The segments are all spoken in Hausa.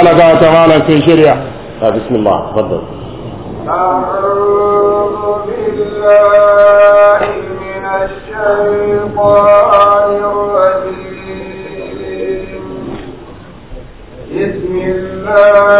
على ذات مالا في شريعة آه، بسم الله تفضل أعوذ بالله من الشيطان الرجيم بسم الله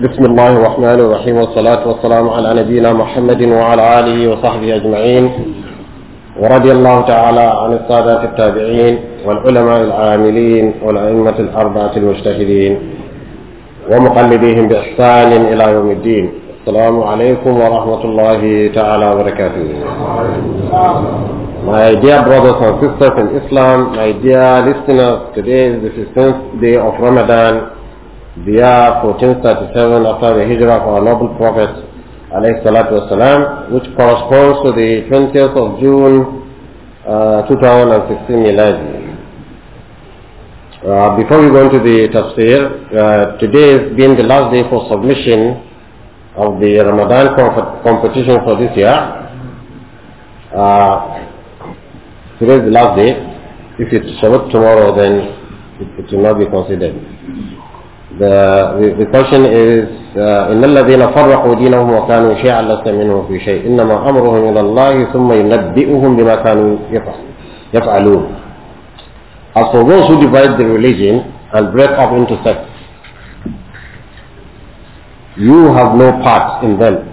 بسم الله الرحمن الرحيم والصلاة والسلام على نبينا محمد وعلى آله وصحبه أجمعين ورضي الله تعالى عن السادة التابعين والعلماء العاملين والأئمة الأربعة المجتهدين ومقلديهم بإحسان إلى يوم الدين السلام عليكم ورحمة الله تعالى وبركاته My dear brothers and sisters in Islam, my dear listeners, today is the 15th day of Ramadan the year 1437 after the hijrah of our noble prophet والسلام, which corresponds to the 20th of June uh, 2016 Miladi. Uh, before we go into the tafsir, uh, today has been the last day for submission of the Ramadan competition for this year. Uh, today is the last day. If it's Shabbat tomorrow, then it, it will not be considered. The, the, the question is uh, إن الذين فرقوا دينهم وكانوا شيعا لست منهم في شيء إنما أمرهم إلى الله ثم ينبئهم بما كانوا يفعلون As for those who divide the religion and break up into sects you have no part in them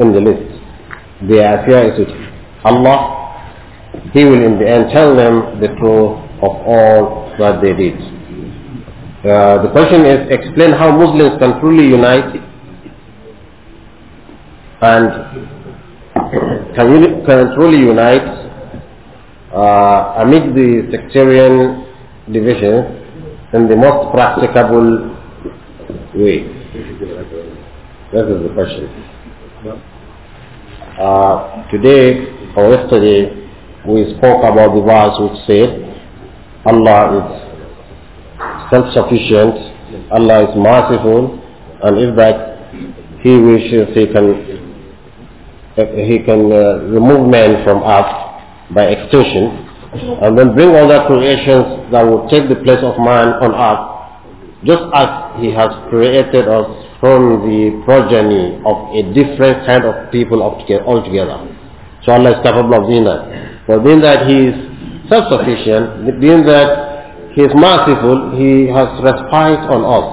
in the list their affair is with Allah He will in the end tell them the truth of all that they did uh, the question is explain how Muslims can truly unite and can, uni- can truly unite uh, amid the sectarian divisions in the most practicable way. This is the question. Uh, today or yesterday we spoke about the verse which said Allah is self-sufficient. Allah is merciful. And if that He wishes, He can, he can uh, remove man from earth by extinction and then bring other creations that will take the place of man on earth, just as He has created us from the progeny of a different kind of people altogether. So Allah is capable of doing that. For being that He is self-sufficient, being that he is merciful, He has respite on us.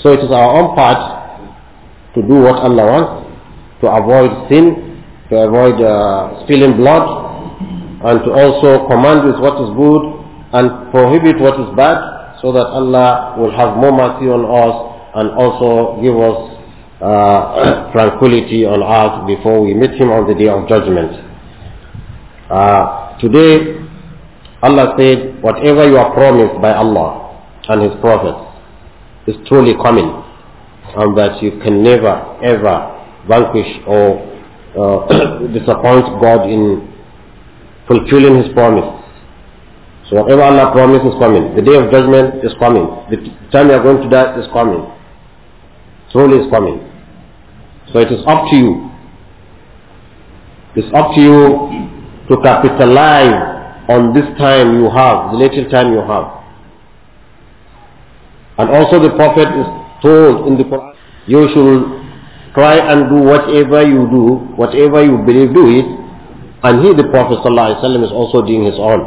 So it is our own part to do what Allah wants, to avoid sin, to avoid uh, spilling blood, and to also command with what is good and prohibit what is bad so that Allah will have more mercy on us and also give us uh, tranquility on earth before we meet him on the day of judgment. Uh, today Allah said, whatever you are promised by Allah and His prophets is truly coming and that you can never ever vanquish or uh, disappoint God in fulfilling His promise. So whatever Allah promised is coming. The day of judgment is coming. The time you are going to die is coming. Truly is coming. So it is up to you. It's up to you to capitalize on this time you have, the little time you have. And also the Prophet is told in the Quran, you should try and do whatever you do, whatever you believe, do it. And he, the Prophet ﷺ, is also doing his own.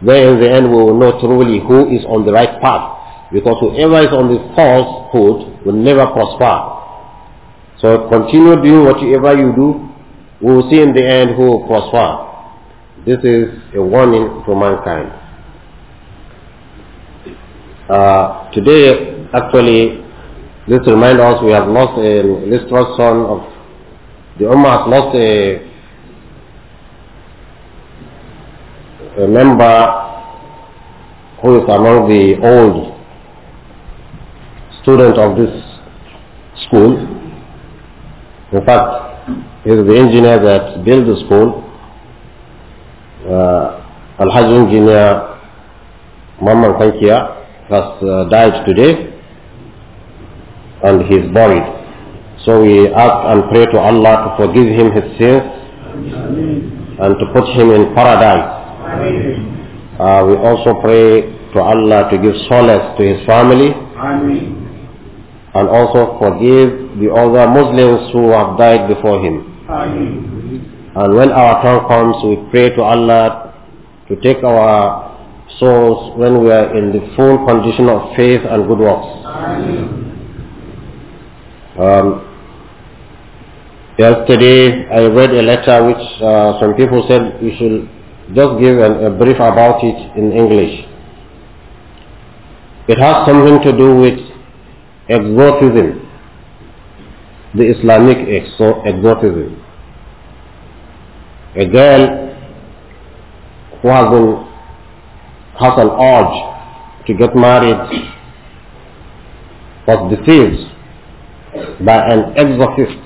Where in the end we will know truly who is on the right path. Because whoever is on the false will never prosper. So continue doing whatever you do. We will see in the end who will prosper. This is a warning to mankind. Uh, today, actually, this reminds us we have lost an illustrious son of the Ummah has lost a, a member who is among the old student of this school. In fact, he is the engineer that built the school uh, Alhaji Engineer Mamman Kankia has uh, died today and he is buried. So we ask and pray to Allah to forgive him his sins Amen. and to put him in paradise. Uh, we also pray to Allah to give solace to his family Amen. and also forgive the other Muslims who have died before him. Amen. And when our time comes, we pray to Allah to take our souls when we are in the full condition of faith and good works. Um, yesterday I read a letter which uh, some people said we should just give an, a brief about it in English. It has something to do with exorcism, the Islamic exor- exorcism a girl who has an, has an urge to get married was deceived by an exorcist,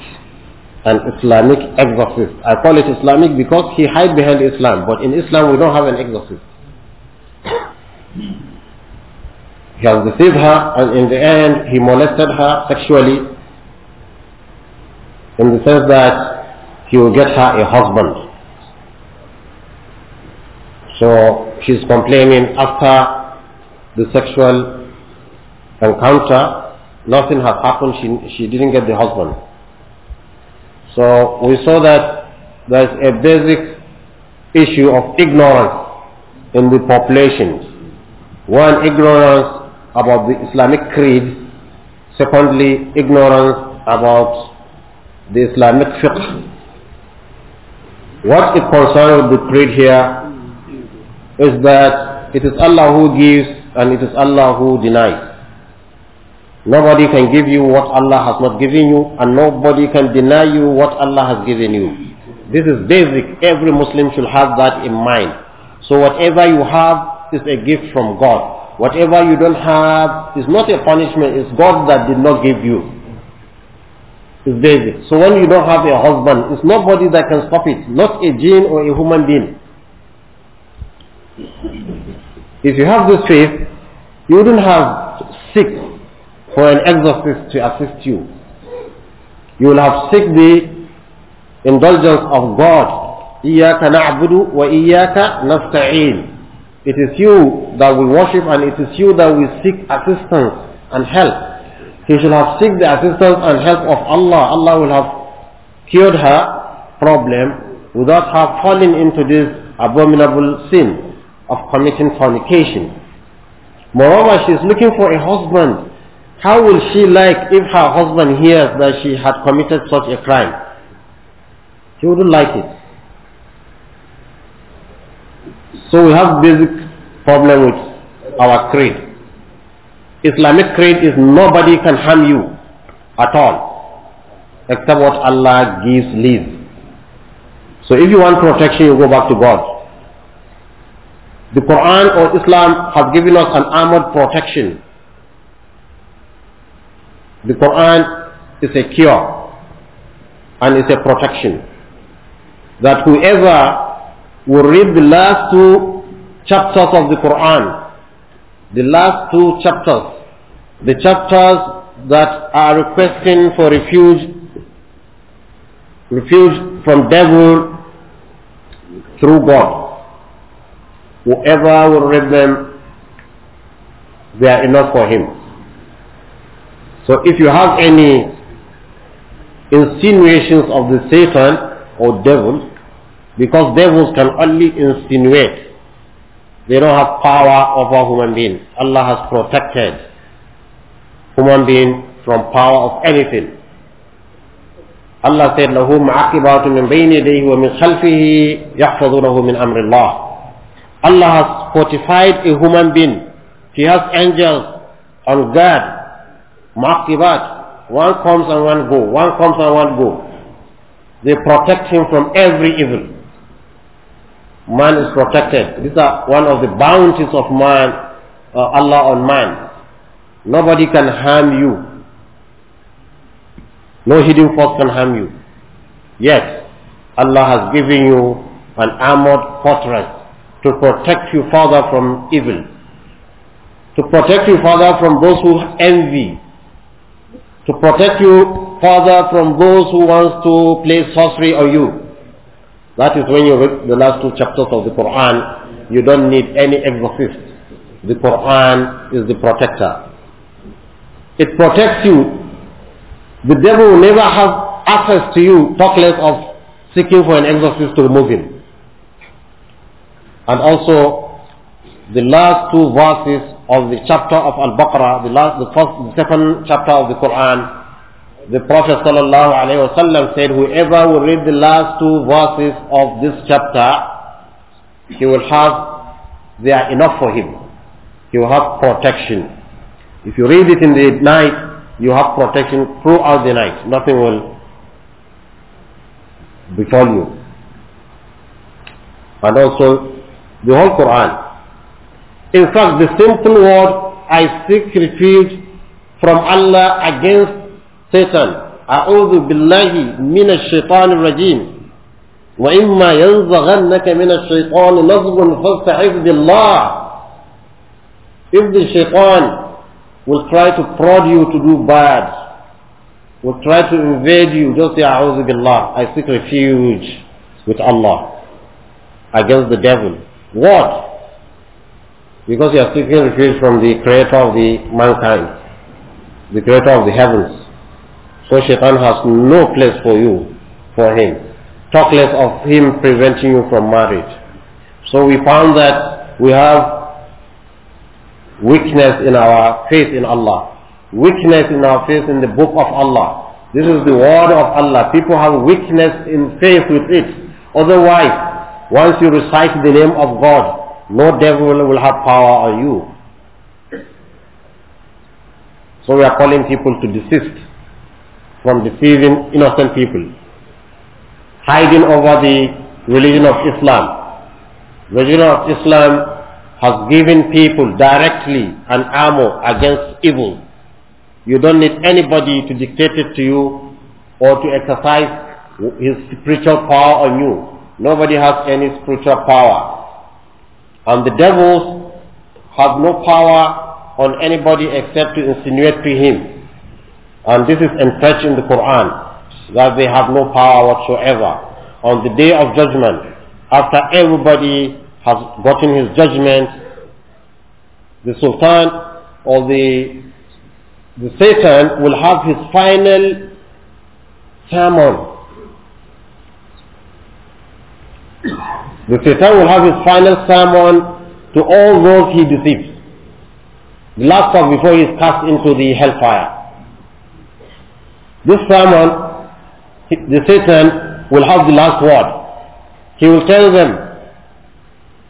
an Islamic exorcist. I call it Islamic because he hide behind Islam, but in Islam we don't have an exorcist. He has deceived her and in the end he molested her sexually in the sense that he will get her a husband. So she's complaining after the sexual encounter, nothing has happened, she, she didn't get the husband. So we saw that there's a basic issue of ignorance in the population. One, ignorance about the Islamic creed. Secondly, ignorance about the Islamic fiqh. What is concerned with the creed here is that it is Allah who gives and it is Allah who denies. Nobody can give you what Allah has not given you and nobody can deny you what Allah has given you. This is basic. Every Muslim should have that in mind. So whatever you have is a gift from God. Whatever you don't have is not a punishment. It's God that did not give you. It's basic. So when you don't have a husband, it's nobody that can stop it. Not a jinn or a human being. If you have this faith, you wouldn't have sick for an exorcist to assist you. You will have seek the indulgence of God. إِيَّاكَ نَعْبُدُ وَإِيَّاكَ نَسْتَعِينُ It is you that we worship and it is you that we seek assistance and help. He shall have seek the assistance and help of Allah. Allah will have cured her problem without her falling into this abominable sin of committing fornication. Moreover, she is looking for a husband. How will she like if her husband hears that she had committed such a crime? She wouldn't like it. So we have basic problem with our creed. Islamic creed is nobody can harm you at all except what Allah gives leave. So if you want protection, you go back to God. The Quran or Islam has given us an armored protection. The Quran is a cure and is a protection. That whoever will read the last two chapters of the Quran, the last two chapters, the chapters that are requesting for refuge, refuge from devil through God. Whoever will read them, they are enough for him. So if you have any insinuations of the Satan or devil, because devils can only insinuate. They don't have power over human beings. Allah has protected human beings from power of anything. Allah said, لَهُ مَعَقِبَاتٌ مِّن بَيْنِ يَدَيْهِ وَمِنْ خَلْفِهِ يَحْفَظُونَهُ مِنْ أَمْرِ اللَّهِ Allah has fortified a human being. He has angels on guard. Maqibat. One comes and one go. One comes and one go. They protect him from every evil. Man is protected. These are one of the bounties of man, uh, Allah on man. Nobody can harm you. No hidden force can harm you. Yet, Allah has given you an armored fortress to protect you further from evil, to protect you further from those who envy, to protect you further from those who wants to play sorcery on you. That is when you read the last two chapters of the Quran, you don't need any exorcist. The Quran is the protector. It protects you. The devil will never have access to you, talk less of seeking for an exorcist to remove him and also the last two verses of the chapter of Al-Baqarah, the, last, the, first, the second chapter of the Quran, the Prophet sallallahu alaihi wasallam said, whoever will read the last two verses of this chapter, he will have, they are enough for him. He will have protection. If you read it in the night, you have protection throughout the night. Nothing will befall you. And also the whole Quran. In fact, the simple word, I seek refuge from Allah against Satan. أعوذ بالله من الشيطان الرجيم وإما ينزغنك من الشيطان نزغ فاستعذ بالله If the shaitan will try to prod you to do bad, will try to invade you, just say, أعوذ بالله, I seek refuge with Allah against the devil. What? Because you are seeking refuge from the creator of the mankind, the creator of the heavens. So shaitan has no place for you, for him. Talk less of him preventing you from marriage. So we found that we have weakness in our faith in Allah, weakness in our faith in the book of Allah. This is the word of Allah. People have weakness in faith with it. Otherwise, once you recite the name of God, no devil will have power on you. So we are calling people to desist from deceiving innocent people, hiding over the religion of Islam. The religion of Islam has given people directly an armor against evil. You don't need anybody to dictate it to you or to exercise his spiritual power on you. Nobody has any spiritual power. And the devils have no power on anybody except to insinuate to him. And this is entrenched in the Quran, that they have no power whatsoever. On the day of judgment, after everybody has gotten his judgment, the Sultan or the, the Satan will have his final sermon the Satan will have his final sermon to all those he deceives. The last of before he is cast into the hellfire. This sermon, the Satan will have the last word. He will tell them,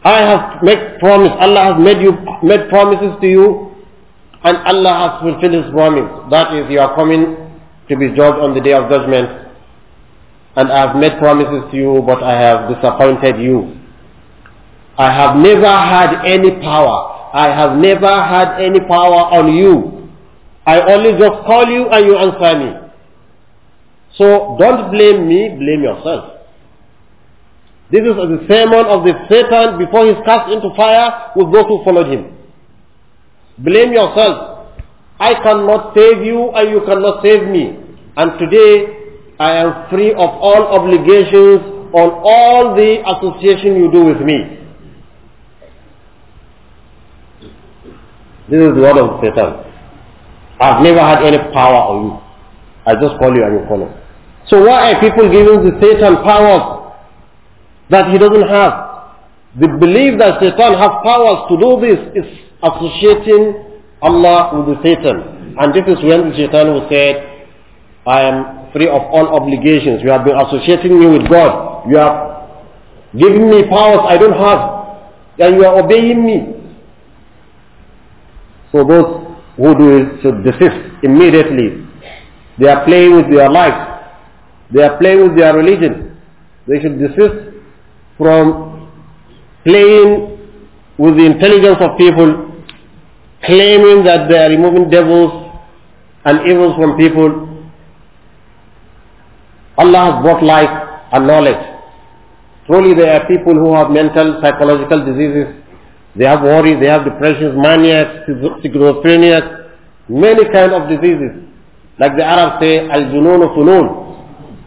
I have made promise, Allah has made you made promises to you, and Allah has fulfilled his promise. That is, you are coming to be judged on the day of judgment and I have made promises to you, but I have disappointed you. I have never had any power. I have never had any power on you. I only just call you and you answer me. So don't blame me, blame yourself. This is the sermon of the Satan before he's cast into fire with those who followed him. Blame yourself. I cannot save you and you cannot save me. And today I am free of all obligations on all the association you do with me. This is the word of Satan. I've never had any power on you. I just call you and you follow. So why are people giving the Satan powers that he doesn't have? The belief that Satan has powers to do this is associating Allah with the Satan. And this is when the Satan will say, I am free of all obligations. You have been associating me with God. You have given me powers I don't have. And you are obeying me. So those who do it should desist immediately. They are playing with their life. They are playing with their religion. They should desist from playing with the intelligence of people, claiming that they are removing devils and evils from people Allah has brought life and knowledge. Truly there are people who have mental, psychological diseases. They have worry, they have depressions, maniacs, schizophrenia, many kind of diseases. Like the Arabs say, al-junun funun.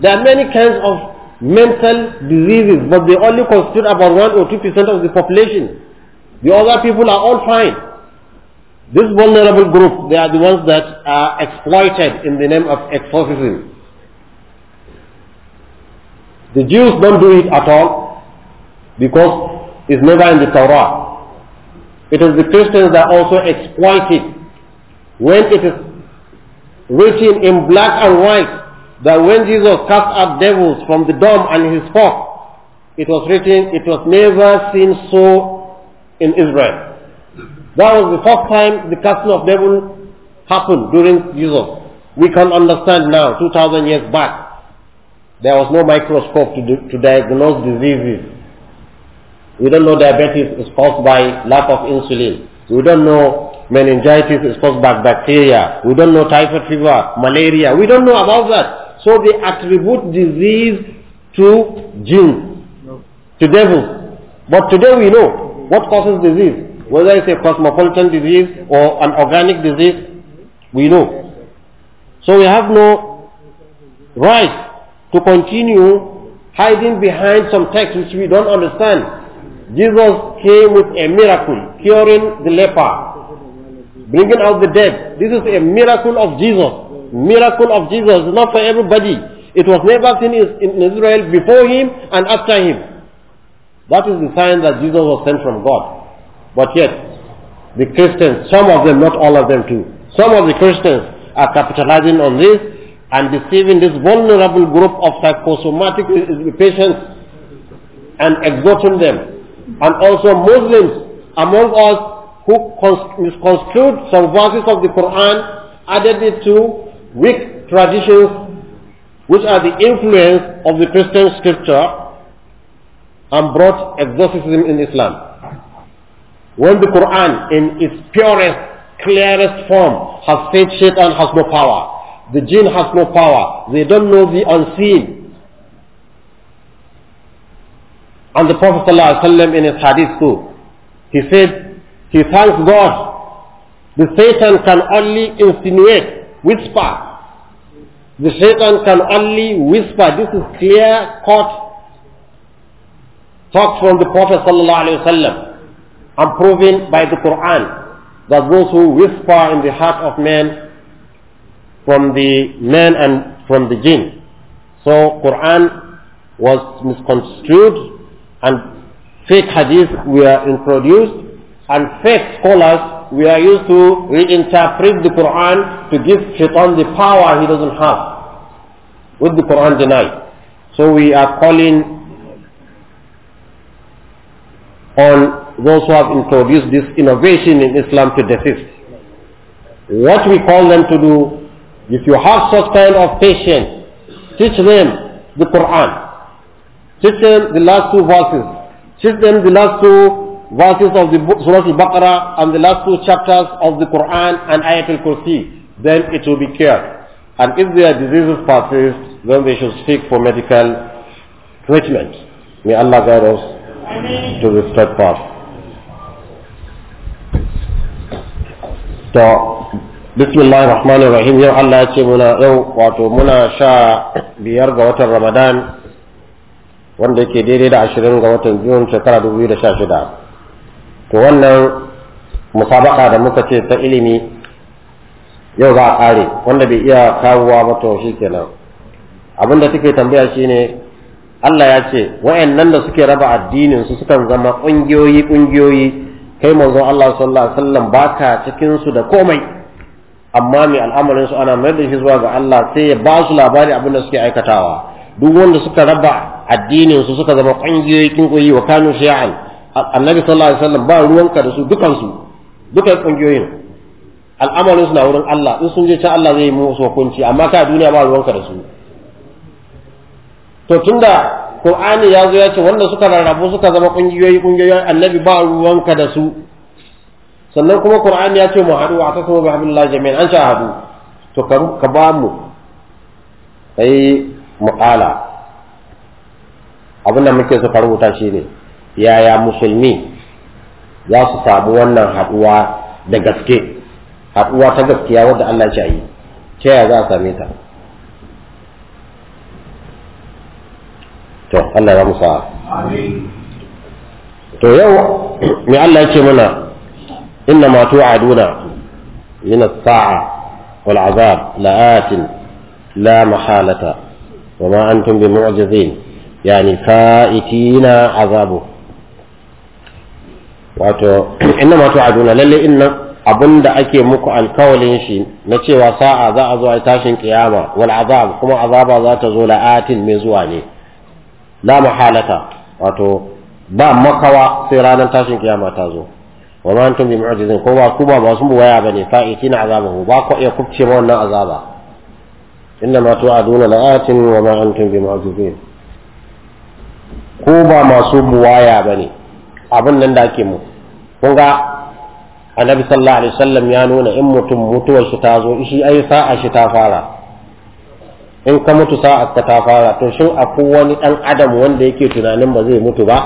There are many kinds of mental diseases, but they only constitute about 1 or 2% of the population. The other people are all fine. This vulnerable group, they are the ones that are exploited in the name of exorcism. The Jews don't do it at all because it's never in the Torah. It is the Christians that also exploit it when it is written in black and white that when Jesus cast out devils from the dome and his fork, it was written, it was never seen so in Israel. That was the first time the casting of devils happened during Jesus. We can understand now, 2,000 years back. There was no microscope to, do, to diagnose diseases. We don't know diabetes is caused by lack of insulin. We don't know meningitis is caused by bacteria. We don't know typhoid fever, malaria. We don't know about that. So they attribute disease to jinn, no. to devils. But today we know what causes disease. Whether it's a cosmopolitan disease or an organic disease, we know. So we have no right to continue hiding behind some text which we don't understand. Jesus came with a miracle, curing the leper, bringing out the dead. This is a miracle of Jesus. Miracle of Jesus not for everybody. It was never seen in Israel before him and after him. That is the sign that Jesus was sent from God. But yet, the Christians, some of them, not all of them too, some of the Christians are capitalizing on this and deceiving this vulnerable group of psychosomatic patients and exhorting them. And also Muslims among us who misconstrued some verses of the Quran added it to weak traditions which are the influence of the Christian scripture and brought exorcism in Islam. When the Quran in its purest, clearest form has said Satan has no power, the jinn has no power. They don't know the unseen. And the Prophet ﷺ in his hadith too, he said, he thanks God. The Satan can only insinuate, whisper. The Satan can only whisper. This is clear cut talk from the Prophet ﷺ and proven by the Quran that those who whisper in the heart of men from the man and from the jinn. So Quran was misconstrued and fake hadith were introduced and fake scholars were used to reinterpret the Quran to give shaitan the power he doesn't have with the Quran denied. So we are calling on those who have introduced this innovation in Islam to desist. What we call them to do if you have such kind of patience, teach them the Quran. Teach them the last two verses. Teach them the last two verses of the Surah Al-Baqarah and the last two chapters of the Quran and Ayatul Kursi. Then it will be cured. And if their diseases persist, then they should seek for medical treatment. May Allah guide us Amen. to the straight path. So, bismillahir rahmanir rahim yau Allah ya ce muna yau wato muna sha biyar ga watan ramadan wanda yake daidai da ashirin ga watan biyun shekara dubu biyu da sha shida to wannan musabaka da muka ce ta ilimi yau za a kare wanda bai iya kawowa ba to shi kenan abin da take tambaya shine Allah ya ce wayannan da suke raba addinin su sukan zama kungiyoyi ƙungiyoyi kai manzon Allah sallallahu alaihi wasallam baka cikin su da komai amma mai al'amarin su ana mayar da shi zuwa ga Allah sai ya ba su labari abin da suke aikatawa duk wanda suka raba addinin su suka zama kungiyoyi koyi wa kanu shi'an annabi sallallahu alaihi wasallam ba ka da su dukan su duka kungiyoyin al'amarin su na wurin Allah in sun je ta Allah zai yi musu hukunci amma ka duniya ba ka da su to tunda Qur'ani ya zo ya ce wanda suka rarrabu suka zama kungiyoyi kungiyoyi annabi ba ka da su sannan kuma Qur'an ya ce muhadu wa a bi hablillah jami'an an sha haɗu to ka ba mu ai mu abinda abin da muke so ka rubuta shine yaya musulmi za su samu wannan haduwa da gaske haduwa ta gaskiya wadda Allah ya yi ta yaya za a same ta to Allah ya musa to yau me Allah ya ce mana إنما توعدون من الساعة والعذاب لآت لا محالة وما أنتم بمعجزين يعني فائتين عذابه wato inna ma tu'aduna lalle inna abinda ake muku alkawalin shi na cewa sa'a za a zo a tashin kiyama wal azab kuma azaba za ta zo la'atin mai zuwa ne la mahalata wato ba makawa sai ranar tashin kiyama ta zo wa ma antum bi mu'jizin ko ba ku ba masu buwaya bane fa'itina azabahu ba ku iya kubce ma wannan azaba inna ma tu'aduna la'atin wa ma antum bi mu'jizin ko ba masu buwaya bane abin nan da ake mu kun ga annabi sallallahu alaihi wasallam ya nuna in mutum mutuwar shi ta zo shi ai sa'a shi ta fara in ka mutu sa'a ka ta fara to shin akwai wani dan adam wanda yake tunanin ba zai mutu ba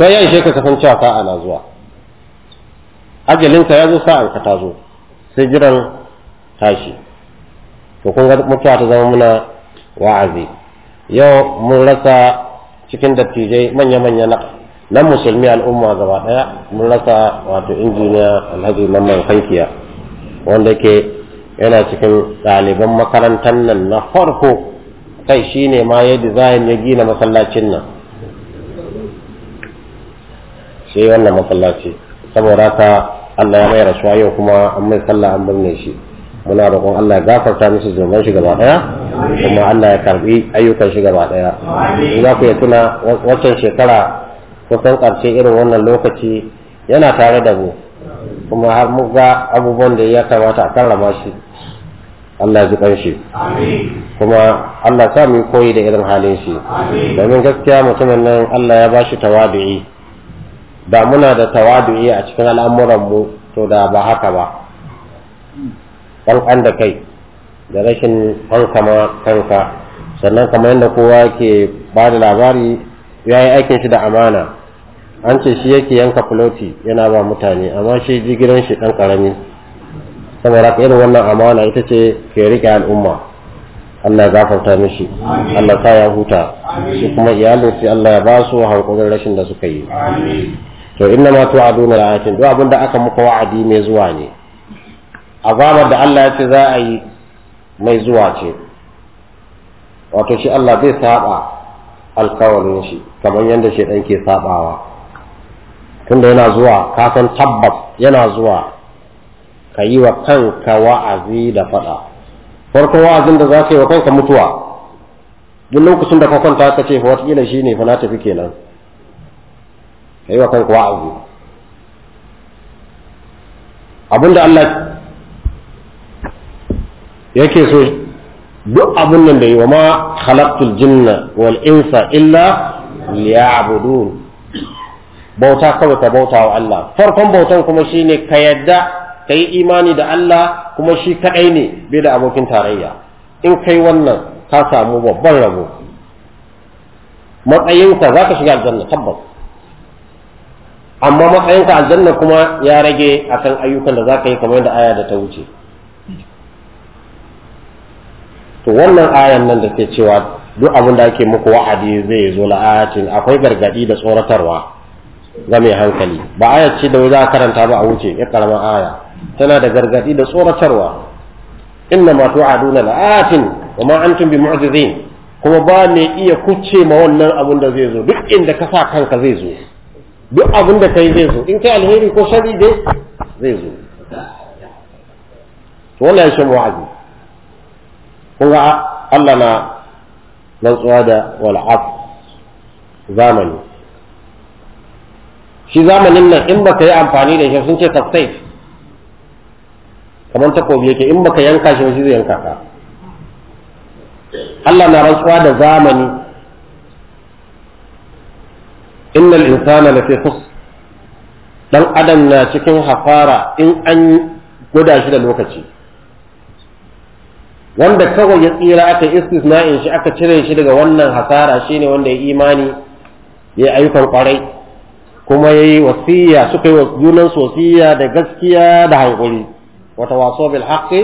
to yayin shi ka kasance ka na zuwa ajalinsa ya zo sa'anka ta zo sai jiran tashi to kun ga mutuwa ta zama muna wa'azi yau mun rasa cikin dattijai manya-manya na nan musulmi al'umma gaba daya mun rasa wato injiniya alhaji mamman kankiya wanda ke yana cikin ɗaliban makarantar nan na farko kai shi ne ma ya dizayin ya gina masallacin nan sai wannan masallaci saboda haka Allah ya mai rasuwa yau kuma an mai sallah an binne shi muna roƙon Allah ya gafarta musu zunuban shi gaba daya kuma Allah ya karbi ayyukan shi gaba daya za ku ya tuna wancan shekara kusan karshe irin wannan lokaci yana tare da mu kuma har mu ga abubuwan da ya kamata a karrama shi Allah ya ji ƙanshi kuma Allah sa mu koyi da irin halin shi domin gaskiya mutumin nan Allah ya bashi tawadu'i da muna da tawadu'i a cikin al'amuranmu to da ba haka ba ƙanƙan da kai da rashin hankama kanka sannan kamar yadda kowa ke ba da labari ya yi aikin shi da amana an ce shi yake yanka filoti yana ba mutane amma shi ji gidan shi ɗan ƙarami saboda haka irin wannan amana ita ce ke riƙe al'umma Allah ya gafarta mishi Allah sa ya huta shi kuma iyalin sai Allah ya ba su hankulin rashin da suka yi to inna ma tu'aduna la'atin duk abinda aka muku wa'adi mai zuwa ne azabar da Allah ya ce za a yi mai zuwa ce wato shi Allah zai saba alkawarin shi kamar yadda shi dan ke sabawa tunda yana zuwa ka san tabbas yana zuwa ka yi wa kanka wa'azi da fada farko wa'azin da za ka yi wa kanka mutuwa duk lokacin da ka kwanta ka ce wataƙila shi ne fa na tafi kenan kai wa kanka wa'azi abinda Allah yake so duk abin nan da yi wa ma khalaqtul jinna wal insa illa liya'budun bauta kawai ka bauta wa Allah farkon bautan kuma shine ka yadda ka yi imani da Allah kuma shi kadai ne bai da abokin tarayya in kai wannan ka samu babban rabo matsayinka za ka shiga aljanna tabbas amma matsayinka aljanna kuma ya rage akan ayyukan da za ka yi kamar da aya da ta wuce to wannan ayan nan da ke cewa duk abin da ake muku wa'adi zai zo la'atin akwai gargadi da tsoratarwa ga mai hankali ba aya ce da za a karanta ba a wuce ya karama aya tana da gargadi da tsoratarwa inna ma tu'aduna la'atin wa ma antum bi mu'jizin kuma ba ne iya kuce ma wannan abin da zai zo duk inda ka sa kanka zai zo duk abin da yi zai zo in kai alheri ko shari dai zai zo wannan shan wa'azi kun ga Allah na rantsuwa da wal'af zamani shi zamanin nan in baka yi amfani da shi sun ce kasai kamar takobi yake in baka yanka shi shi zai yanka ka Allah na rantsuwa da zamani innal insana lafi khus dan adam na cikin hafara in an guda shi da lokaci wanda kawai ya tsira aka in shi aka cire shi daga wannan hasara shine wanda ya imani ya ayyukan kwarai kuma ya yi wasiya suka yi junan wasiya da gaskiya da hankuri wata waso bil haqqi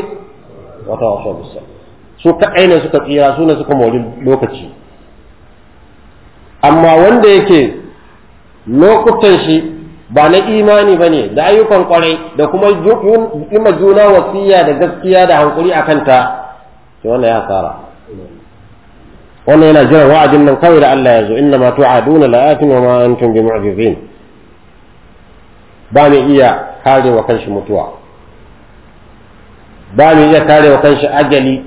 wata waso bis sabr su kadai ne suka tsira su ne suka mori lokaci amma wanda yake lokutan shi ba na imani ba ne da ayyukan kwarai da kuma ima juna wasiya da gaskiya da hankuri a kanta to wannan ya tsara wannan yana jiran wa'adin nan kawai da Allah ya zo inna ma tu'aduna la'atin wa ma antum bi mu'jizin ba mai iya kare wa kanshi mutuwa ba mai iya kare wa kanshi ajali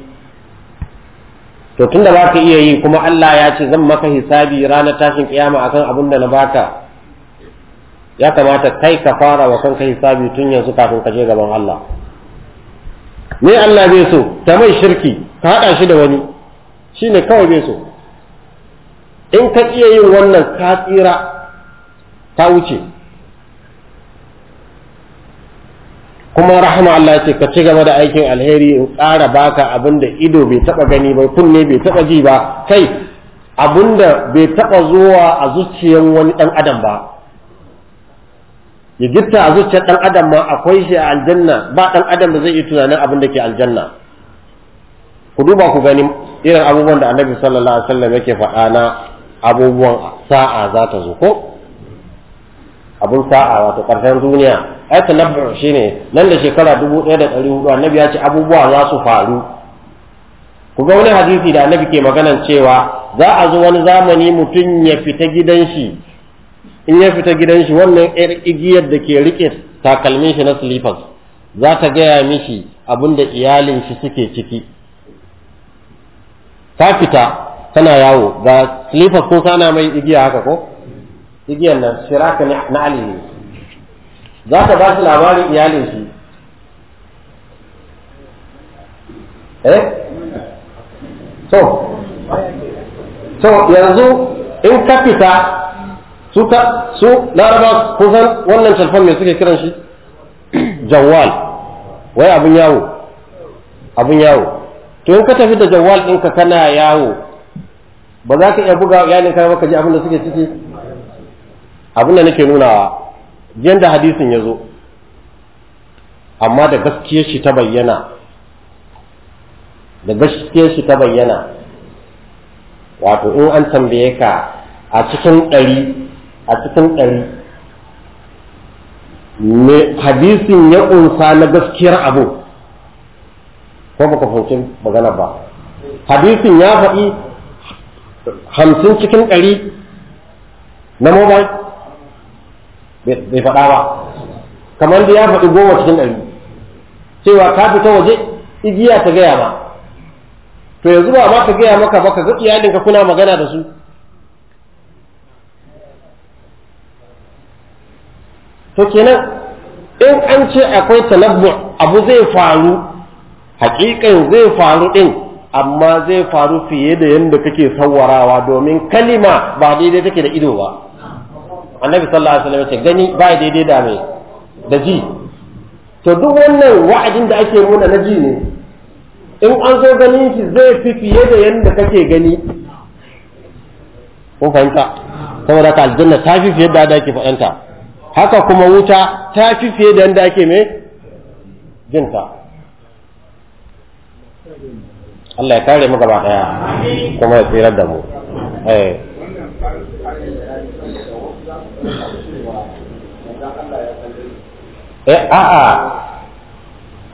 to tunda ba ka iya yi kuma Allah ya ce zan maka hisabi ranar tashin kiyama akan abin da na baka ya kamata kai ka fara wa kanka hisabi tun yanzu kafin ka je gaban Allah me Allah bai so ta mai shirki ka hada shi da wani shine kawai bai so in ka iya yin wannan ka tsira ta wuce kuma rahama Allah ce ka ci gaba da aikin alheri in ƙara baka abin da ido bai taba gani ba kunne bai taba ji ba kai abin da bai taɓa zuwa a zuciyar wani ɗan adam ba ya gitta a zuciyar dan adam ma akwai shi a aljanna ba dan adam da zai yi tunanin abin da ke aljanna ku duba ku gani irin abubuwan da annabi sallallahu alaihi wasallam yake faɗa na abubuwan sa'a za ta zo ko abun sa'a wato karshen duniya ai tanabbu shine nan da shekara 1400 annabi ya ce abubuwa za su faru ku ga wani hadisi da annabi ke maganan cewa za a zo wani zamani mutum ya fita gidan shi in ya fita gidan shi wannan yar igiyar da ke rike takalmin shi na slippers za ta gaya mishi abin da iyalin shi suke ciki ta fita tana yawo ga slippers ko sana mai igiya haka ko igiyar nan shiraka na ali ne za ta ba shi labarin iyalin shi eh so so yanzu in ka fita su ka su laraba kun san wannan calfan mai suke kiran shi jawwal wai abun yawo abun yawo to in ka tafi da jawwal ɗinka kana yawo ba za ka iya buga iyalin kai ba ka ji abin da suke ciki abin da nake nunawa yanda hadisin ya zo amma da gaskiyar shi ta bayyana da gaskiyar shi ta bayyana wato in an tambaye ka a cikin ɗari a cikin ɗari me hadisin ya ƙunsa na gaskiyar abu ko baka fahimci magana ba hadisin ya faɗi hamsin cikin ɗari na mobile bai faɗa ba kamar da ya faɗi goma cikin ɗari cewa ka fita waje igiya ta gaya ba to yanzu ba ma ta gaya maka ba ka ga iyalinka kuna magana da su to kenan in an ce akwai talabbu abu zai faru hakikan zai faru din amma zai faru fiye da yadda kake sawarawa domin kalima ba daidai take da ido ba annabi sallallahu alaihi wasallam ce gani ba daidai da mai da ji to duk wannan wa'adin da ake muna na ji ne in an zo ganin shi zai fi fiye da yadda kake gani kun fahimta saboda ka aljanna ta fi fiye da yadda ake fahimta haka kuma wuta ta fi fiye da yadda ake mai jinta Allah ya kare mu gaba daya kuma ya tsirar da mu eh. eh a'a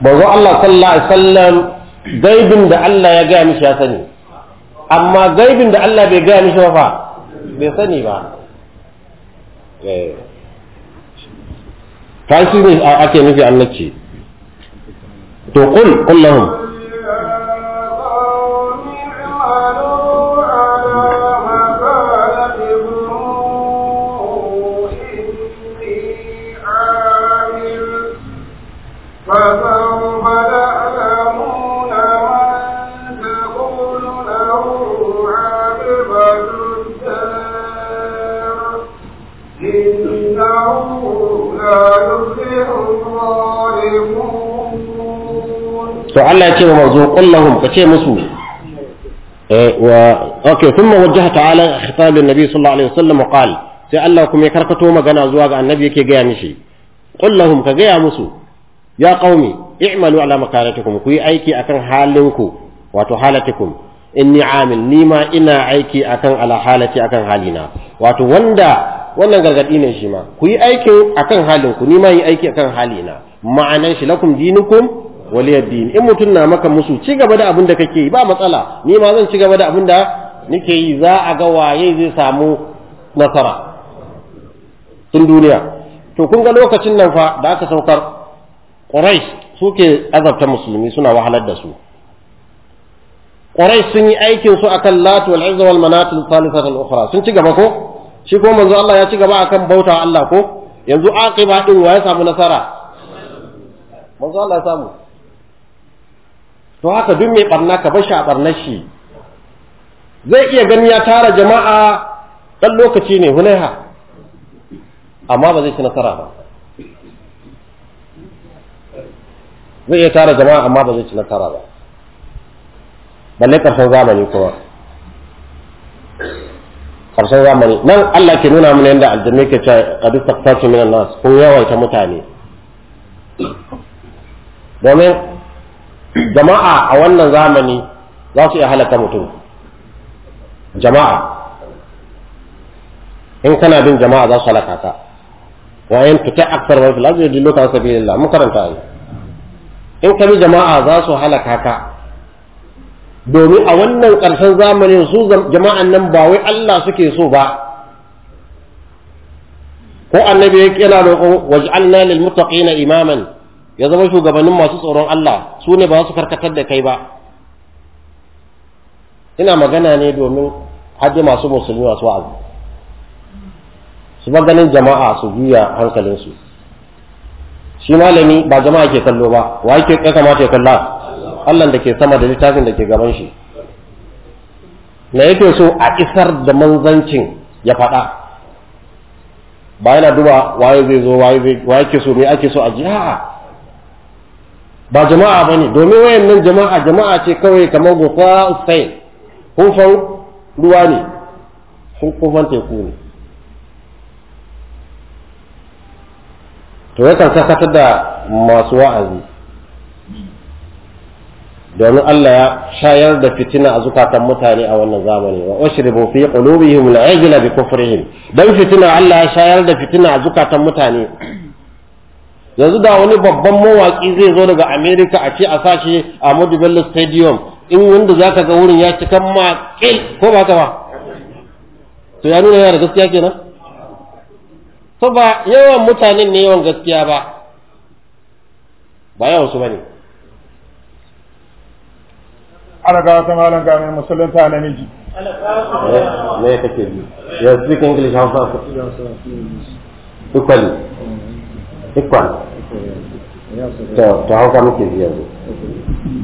manzo Allah sallallahu alaihi wasallam gaibin da Allah ya gaya mishi ya sani amma gaibin da Allah bai gaya mishi ba fa bai sani ba eh tasirin ake nufi annabci to qul qul lahum to Allah ya ce wa manzo kullahum ka ce musu eh, wa okay thumma wajjaha ta'ala khitab an sallallahu alaihi wasallam qala sai Allah kuma ya karkato magana zuwa ga annabi yake gaya mishi kullahum ka gaya musu ya qaumi i'malu ala makanatikum ku yi aiki akan halinku wato halatikum inni amil ni ma ina aiki akan ala halati akan halina wato wanda wannan gargadi ne shi ma ku yi aikin akan halinku ni ma yi aiki akan halina ma'anan shi lakum dinukum waliyar din in mutum na maka musu ci gaba da abin da kake yi ba matsala ni ma zan ci gaba da abin da nake yi za a ga waye zai samu nasara tun duniya to kun ga lokacin nan fa da aka saukar quraish suke azabta musulmi suna wahalar da su quraish sun yi aikin su akan lat wal izza wal manat al thalithah al ukhra sun ci gaba ko shi ko manzo Allah ya ci gaba akan bauta Allah ko yanzu aqiba din wa ya samu nasara manzo Allah ya samu To haka duk mai barna ka bashi a barnar shi zai iya gani ya tara jama'a ɗan lokaci ne hunaiha amma ba zai ci nasara ba zai iya tara jama'a amma ba zai ci nasara ba balle ƙarshen zamani kuma ƙarshen zamani nan Allah ke nuna mana yadda aljanna ke ce ta istaqtatu minan nas kun yawaita mutane domin jama'a a wannan zamani za su iya halaka mutum jama'a in kana bin jama'a za su halaka ka wa in tuta akthar wa fil ardi yudilluka an sabilillah mun karanta ai in ka bi jama'a za su halaka ka domin a wannan ƙarshen zamanin su jama'an nan ba wai Allah suke so ba ko annabi yake yana roƙo waj'alna lil muttaqina imaman ya zama shugabannin masu tsoron Allah su ne ba su karkatar da kai ba ina magana ne domin hajji masu musulmi masu wa'azi su bar jama'a su juya hankalinsu shi malami ba jama'a ke kallo ba wa yake ya kamata ya kalla Allah da ke sama da littafin da ke gaban shi na yake so a isar da manzancin ya faɗa ba yana duba waye zai zo waye ke so me ake so a ji a'a ba jama'a ba ne domin wayannan jama'a jama'a ce kawai kamar gufa usain hufan ruwa ne hufan teku ne to yakan sakatar da masu wa'azi domin Allah ya shayar da fitina a zukatan mutane a wannan zamani wa ushribu fi qulubihim al-ajla bi kufrihim dan fitina Allah ya shayar da fitina a zukatan mutane yanzu da wani babban mawaki zai zo daga America a ce a sashi a Modu Bello Stadium in wanda za ka ga wurin ya kan makil ko ba ka ba to ya nuna yana da gaskiya kenan to ba yawan mutanen ne yawan gaskiya ba ba yawan su ne. ana ga wata malam ga ta musulunta namiji ne kake ji ya are speaking English Hausa equally equal to to hausa muke ji yanzu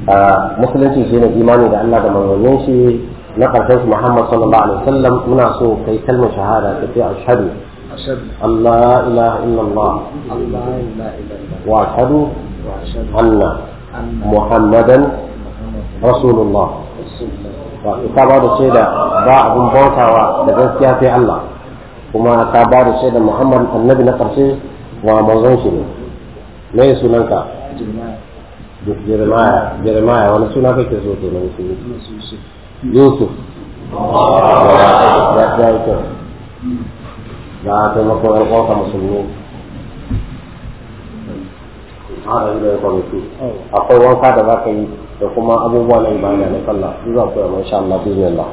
a musulunci shi ne imani da Allah da manzannin shi na karshen su Muhammad sallallahu alaihi wasallam muna so kai kalmar shahada ta ce ashhadu Allah ilaha illallah wa ashhadu anna Muhammadan rasulullah wa ta ba da shaida ba abun bautawa da gaskiya sai Allah kuma ta ba da shaida Muhammad annabi na karshe wa manzon shi ne me sunanka jeremiah wani suna kake so to na musulmi yusuf ya yi kyau za da ya akwai wanka da za ka yi da kuma abubuwa na ibada na sallah su masha Allah bismillah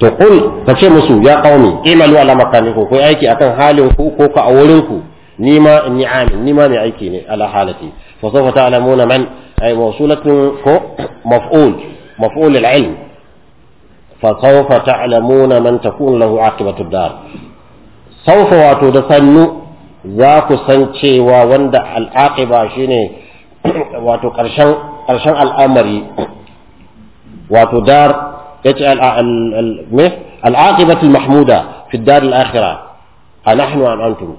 to kul ka ce musu ya qaumi imalu ala makaniku ko aiki akan halin ku ko ka a wurin ku ni ma ni amin ni ma mai aiki ne ala halati fa sawfa ta'lamuna man ay mawsulatun ko maf'ul maf'ul al-ilm fa sawfa ta'lamuna man takun lahu aqibatu dar sawfa wato da sannu za ku san cewa wanda al'aqiba shine wato karshen karshen al'amari wato dar العاقبة المحمودة في الدار الآخرة نحن أم أنتم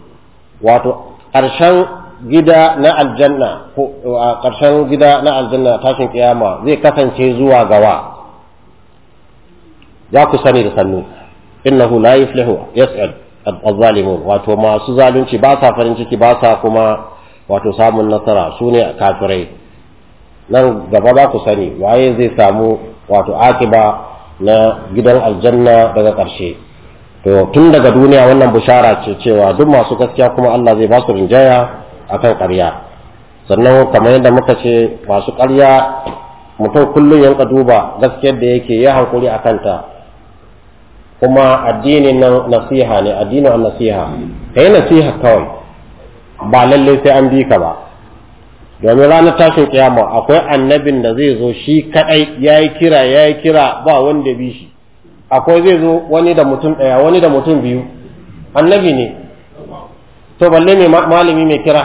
وقرشن جدا نا الجنة وقرشن جدا نا الجنة تاشن قياما زي كسن شيزوا غوا ياكو سني رسنو إنه لا يفلح يسأل الظالمون واتو ما سزالون باسا فرنشي كي كما واتو سامو النصرة سوني كافرين نن غبابا كساني وعيزي سامو واتو آكبا na gidan aljanna daga ƙarshe to tun daga duniya wannan bushara ce cewa duk masu gaskiya kuma Allah zai ba su rinjaya akan ƙarya sannan kamar yadda muka ce masu ƙarya mutum kullum yanka duba gaskiyar da yake ya hankuri a kanta kuma addini nan nasiha ne addinin an nasiha ka yi nasiha kawai ba lallai sai an bi ka ba domin ranar tashin kiyama akwai annabin da zai zo shi kadai yi kira ya yi kira ba wanda bi shi akwai zai zo wani da mutum daya wani da mutum biyu annabi ne to balle ne malami mai kira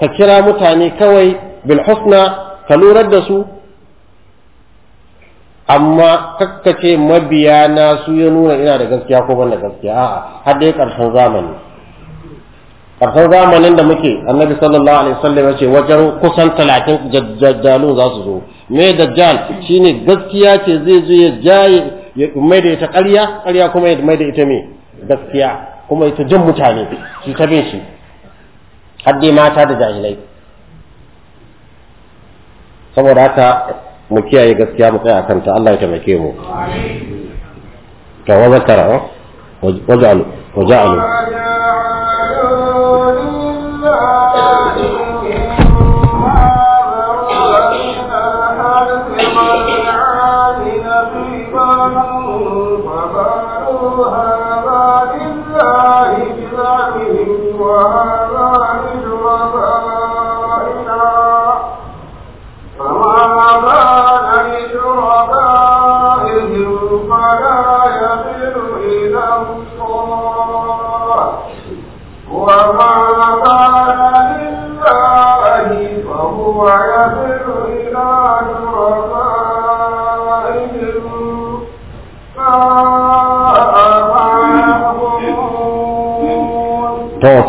ka kira mutane kawai bil husna ka lurar da su amma kakkace mabiya na su ya nuna ina da gaskiya ko ban da gaskiya a'a har dai karshen zamani karshen zamanin da muke annabi sallallahu alaihi wasallam ya ce wajen kusan 30 dajjalu za su zo me dajjal shine gaskiya ce zai zo ya jaye ya mai da ita ƙarya ƙarya kuma ya mai da ita me gaskiya kuma ita jin mutane shi ta bin shi har dai mata da jahilai saboda haka mu kiyaye gaskiya mu tsaya kanta Allah ya taimake mu amin to wa zakara wa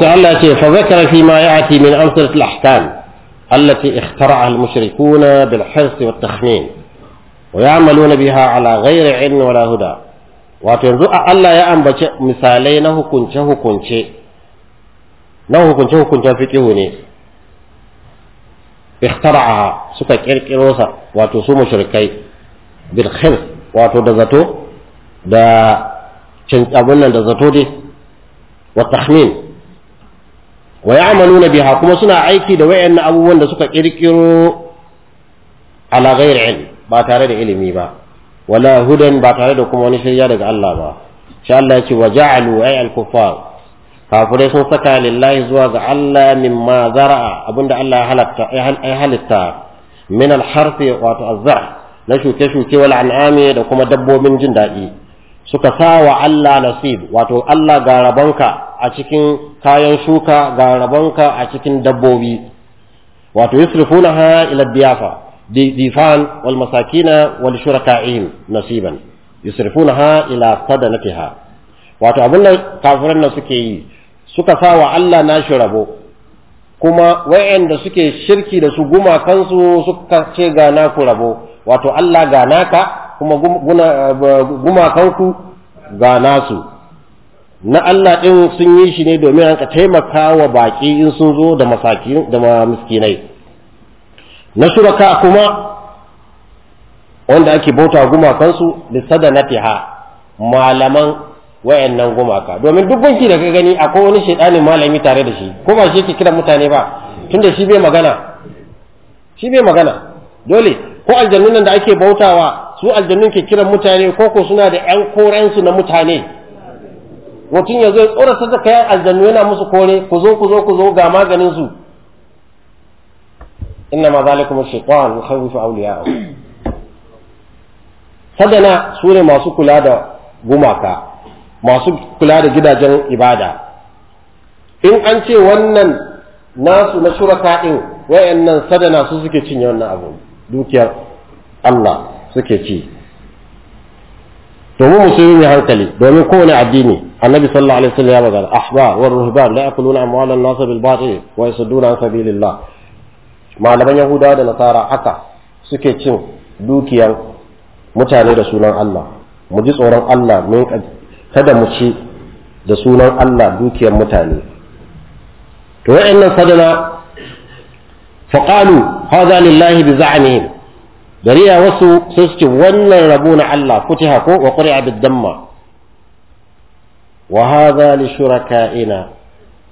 تعالى فذكر فيما يأتي من أنصرة الأحكام التي اخترعها المشركون بالحرص والتخمين ويعملون بها على غير علم ولا هدى وتنزو ألا يأمب مثالي نهو كنشه كنش نهو كنشه كنش فكهوني اخترعها سكا كيرك إروسا وتسو مشركي بالخرص وتدزتو دا چن دا زتو والتخمين wa ya'maluna biha kuma suna aiki da wayan abubuwan da suka kirkiro ala ghairi ilm ba tare da ilimi ba wala hudan ba tare da kuma wani shirya daga Allah ba insha Allah yace wa ja'alu ay al kuffar kafirai sun saka lillahi zuwa ga Allah mimma zara'a abinda Allah ya halatta halitta min al wato az na shuke shuke wal an'ami da kuma dabbobin jin daɗi suka sa wa Allah nasib wato Allah ga rabanka a cikin kayan shuka ga rabonka a cikin dabbobi wato ha ila diyafa difan wal masakina wal shuraka'in nasiban ha ila sadanatiha wato abin da kafiran nan suke yi suka sa wa Allah nashi rabo kuma wayanda suke shirki da su guma kansu suka ce ga naku rabo wato Allah ga naka kuma eh, guma kanku ga nasu na Allah ɗin sun yi shi ne domin an ka taimaka wa baƙi in sun zo da masaki da miskinai na shuraka kuma wanda ake bauta gumakansu fiha malaman wayannan gumaka domin duk gunki da ka gani akwai wani shaidanin malami tare da shi ko ba shi ke kiran mutane ba tunda shi bai magana shi bai magana dole ko aljannun da ake bautawa su aljannun ke kiran mutane ko ko suna da yan korensu na mutane mutum ya zo ya tsorata sassa kayan aljannu yana musu kore ku zo ku zo ku zo ga maganin su inna ma zalikum shaytan yukhawwifu awliya'ahu sadana sune masu kula da gumaka masu kula da gidajen ibada in an ce wannan nasu na shuraka din wayannan sadana su suke cinye wannan abu dukiyar Allah suke ci to mu musulmi ne hankali domin kowane addini annabi sallallahu alaihi wasallam ya magana ahba wa ruhban la yakuluna amwalan nas bil batil wa yasudduna an sabilillah malaman yahudawa da nasara haka suke cin dukiyan mutane da sunan Allah mu tsoron Allah mu kada mu ci da sunan Allah dukiyar mutane to wa'annan sadana faqalu haza lillahi bi za'mihim bari'a wasu sai suke wannan rabo na Allah futiha ko wa ƙuri'a bid-damma wa hadha li shuraka'ina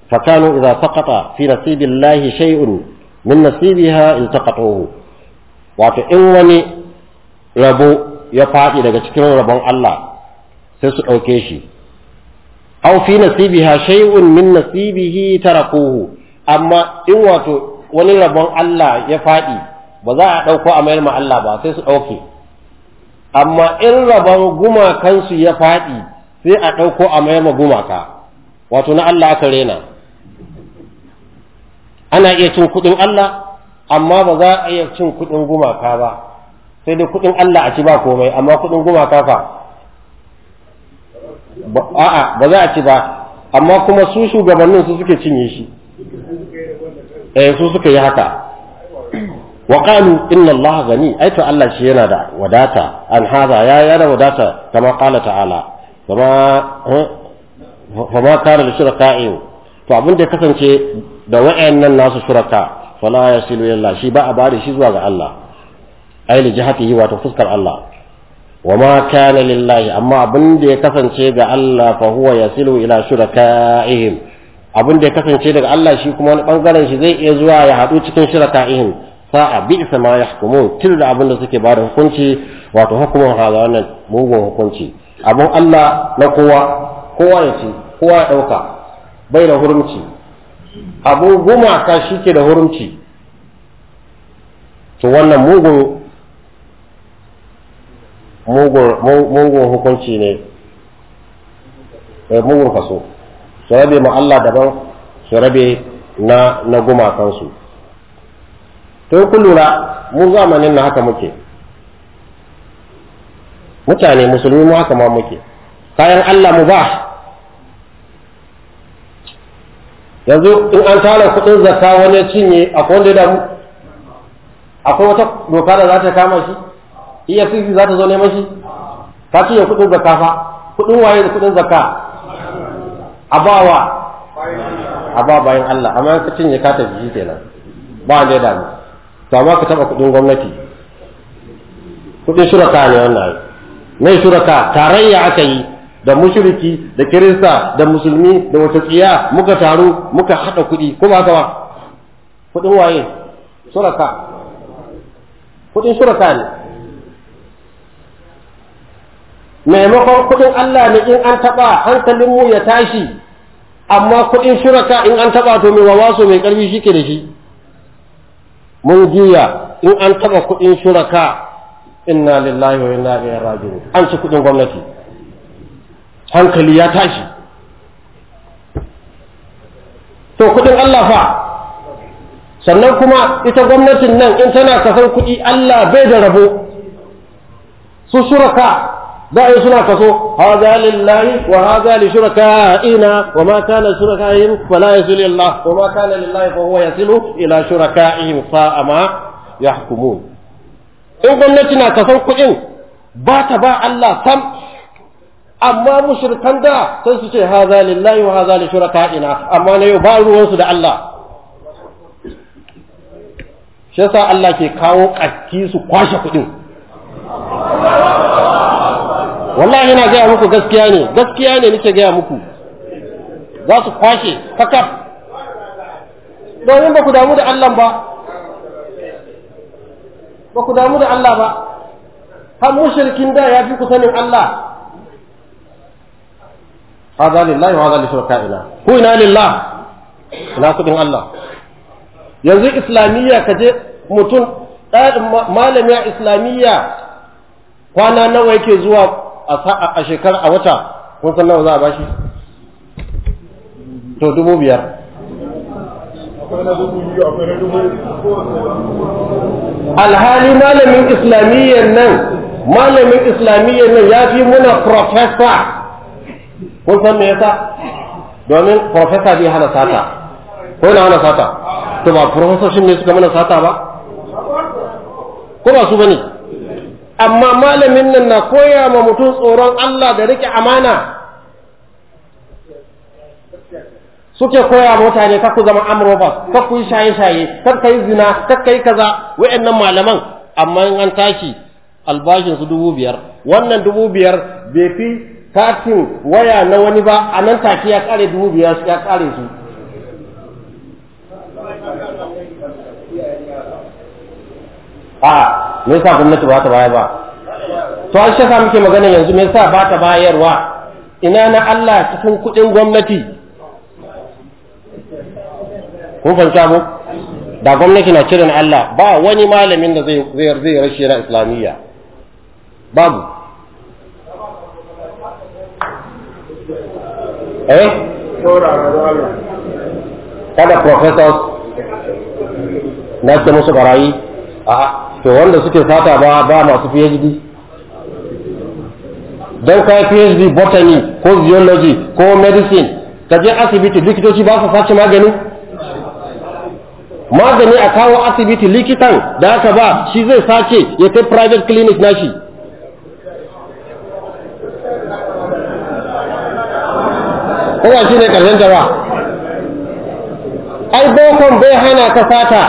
fa kanu idha saqata fi nasibillahi shay'un min nasibiha iltaqatuhu wato in wani rabo ya faɗi daga cikin rabon Allah sai su ɗauke shi aw fi nasibiha shay'un min nasibihi tarakuhu amma in wato wani rabon Allah ya faɗi ba za a ɗauko a mayar ma Allah ba sai su ɗauke amma in rabon gumakansu ya faɗi sai a ɗauko a mayar ma gumaka wato na Allah aka rena ana iya cin kuɗin Allah amma ba za a iya cin kuɗin gumaka ba sai dai kuɗin Allah a ci ba komai amma kuɗin gumaka fa a'a ba za a ci ba amma kuma su shugabannin su suke cinye shi eh su suka yi haka wa qalu inna Allah gani ai Allah shi yana da wadata an hada ya yana wadata kama qala ta'ala kama kama eh, kana da shuraka'i to abin da kasance da wa'annan nasu shuraka fala yasilu illa shi ba a bada shi zuwa ga Allah ai li jihatihi wato fuskar Allah wa ma kana lillahi amma abin ya kasance ga Allah fa huwa yasilu ila shuraka'ihim abin da ya kasance daga Allah shi kuma wani bangaren shi zai iya zuwa ya haɗu cikin shuraka'ihim sa'a isa ma hukumu tun da abin da suke ba da hukunci wato hukumar hada wannan mugun hukunci abin Allah na kowa kowa ya ce kowa ya ɗauka bai da hurumci abu gumaka shi ke da hurumci to wannan mugun mugun hukunci ne eh, mugun kaso su rabe ma Allah daban su rabe na gumakansu to ku lura mu zamanin na haka muke mutane musulmi mu haka ma muke kayan Allah mu ba yanzu in an tara kuɗin zakka wani cinye akwai wanda da damu akwai wata doka da za ta kama shi EFCC za ta zo neman shi ka cinye kuɗin zakka fa kuɗin waye da kuɗin zakka a bawa a ba bayan Allah amma ka cinye ka tafi shi kenan ba wanda ya damu to amma ka taɓa kuɗin gwamnati kuɗin shuraka ne wannan mai shuraka tarayya aka yi da mushriki da kirista da musulmi da wata tsiya muka taru muka haɗa kuɗi ko ba ka ba kuɗin waye shuraka kuɗin shuraka ne maimakon kuɗin Allah ne in an taɓa hankalinmu ya tashi amma kuɗin shuraka in an taɓa to mai wawaso mai ƙarfi shi ke da shi mun juya in an taɓa kuɗin shuraka inna lillahi wa inna ilaihi raji'un an ci kuɗin gwamnati hankali ya tashi to kuɗin Allah fa sannan kuma ita gwamnatin nan in tana kasan kuɗi Allah bai da rabo su shuraka da ai suna kaso hadha lillahi wa hadha li shurakaina wa ma kana shurakaihim fala yasilu illah wa ma kana lillahi fa huwa yasilu ila shurakaihim fa ama yahkumun in gwamnati na kason kuɗin ba ta ba Allah sam amma mushrikan da sai su ce hadha lillahi wa hadha li shurakaina amma na yau ba ruwansu da Allah shi yasa Allah ke kawo ƙarki su kwashe kuɗin wallahi ina gaya muku gaskiya ne gaskiya ne nake gaya muku za su kwashe kakaf domin ba ku damu da Allah ba ba ku damu da Allah ba har mushrikin da ya fi ku sanin Allah هذا lillahi وهذا لشركائنا هو إنا لله ina kudin Allah yanzu islamiyya ka je mutum malamin islamiyya kwana nawa yake zuwa a shekara a wata kun san nawa za a bashi to dubu biyar alhali malamin islamiyyar nan malamin islamiyyar nan ya fi muna profesa kun san me yasa domin profesa bai hana sata ko na hana sata to ba profesoshin ne suka mana sata ba ko ba su bane amma malamin nan na koya ma mutum tsoron Allah da rike amana suke koya ma mutane kar ku zama amroba kar ku yi shaye-shaye kar ka yi zina kar ka yi kaza wa'annan malaman amma in an tashi albashin su dubu biyar wannan dubu biyar bai fi katin waya na wani ba a nan take ya kare dubu biyar ya kare su a me yasa gwamnati ba ta baya ba to an shafa muke magana yanzu me yasa ba ta bayarwa ina na Allah cikin kuɗin gwamnati kun fahimta mu da gwamnati na cire na Allah ba wani malamin da zai zai rashi na islamiyya babu eh kada professors na ce musu barayi a to wanda suke fata ba ba masu phd don kai phd botany ko zoology ko medicine ka je asibiti likitoci ba su sace magani magani a kawo asibiti likitan da aka ba shi zai sace ya kai private clinic nashi kuma shi ne karshen ba ai bokon bai hana ka fata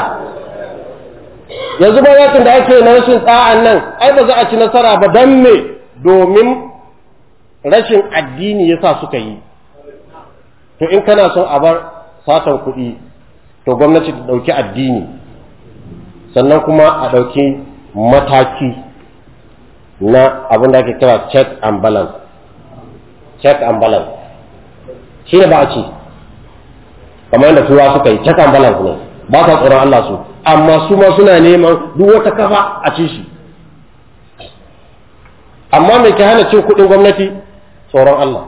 yanzu ba yakin da ake na rashin tsa'an nan ai ba za a ci nasara ba don me domin rashin addini ya sa suka yi to in kana son a bar satan kuɗi to gwamnati ta ɗauki addini sannan kuma a ɗauki mataki na abin da ake kira check and balance check and balance shi ne ba a ci kamar yadda suwa suka yi check and balance ne ba sa tsoron Allah su amma su ma suna neman duk wata kafa a ci shi amma mai ke hana cin kuɗin gwamnati tsoron Allah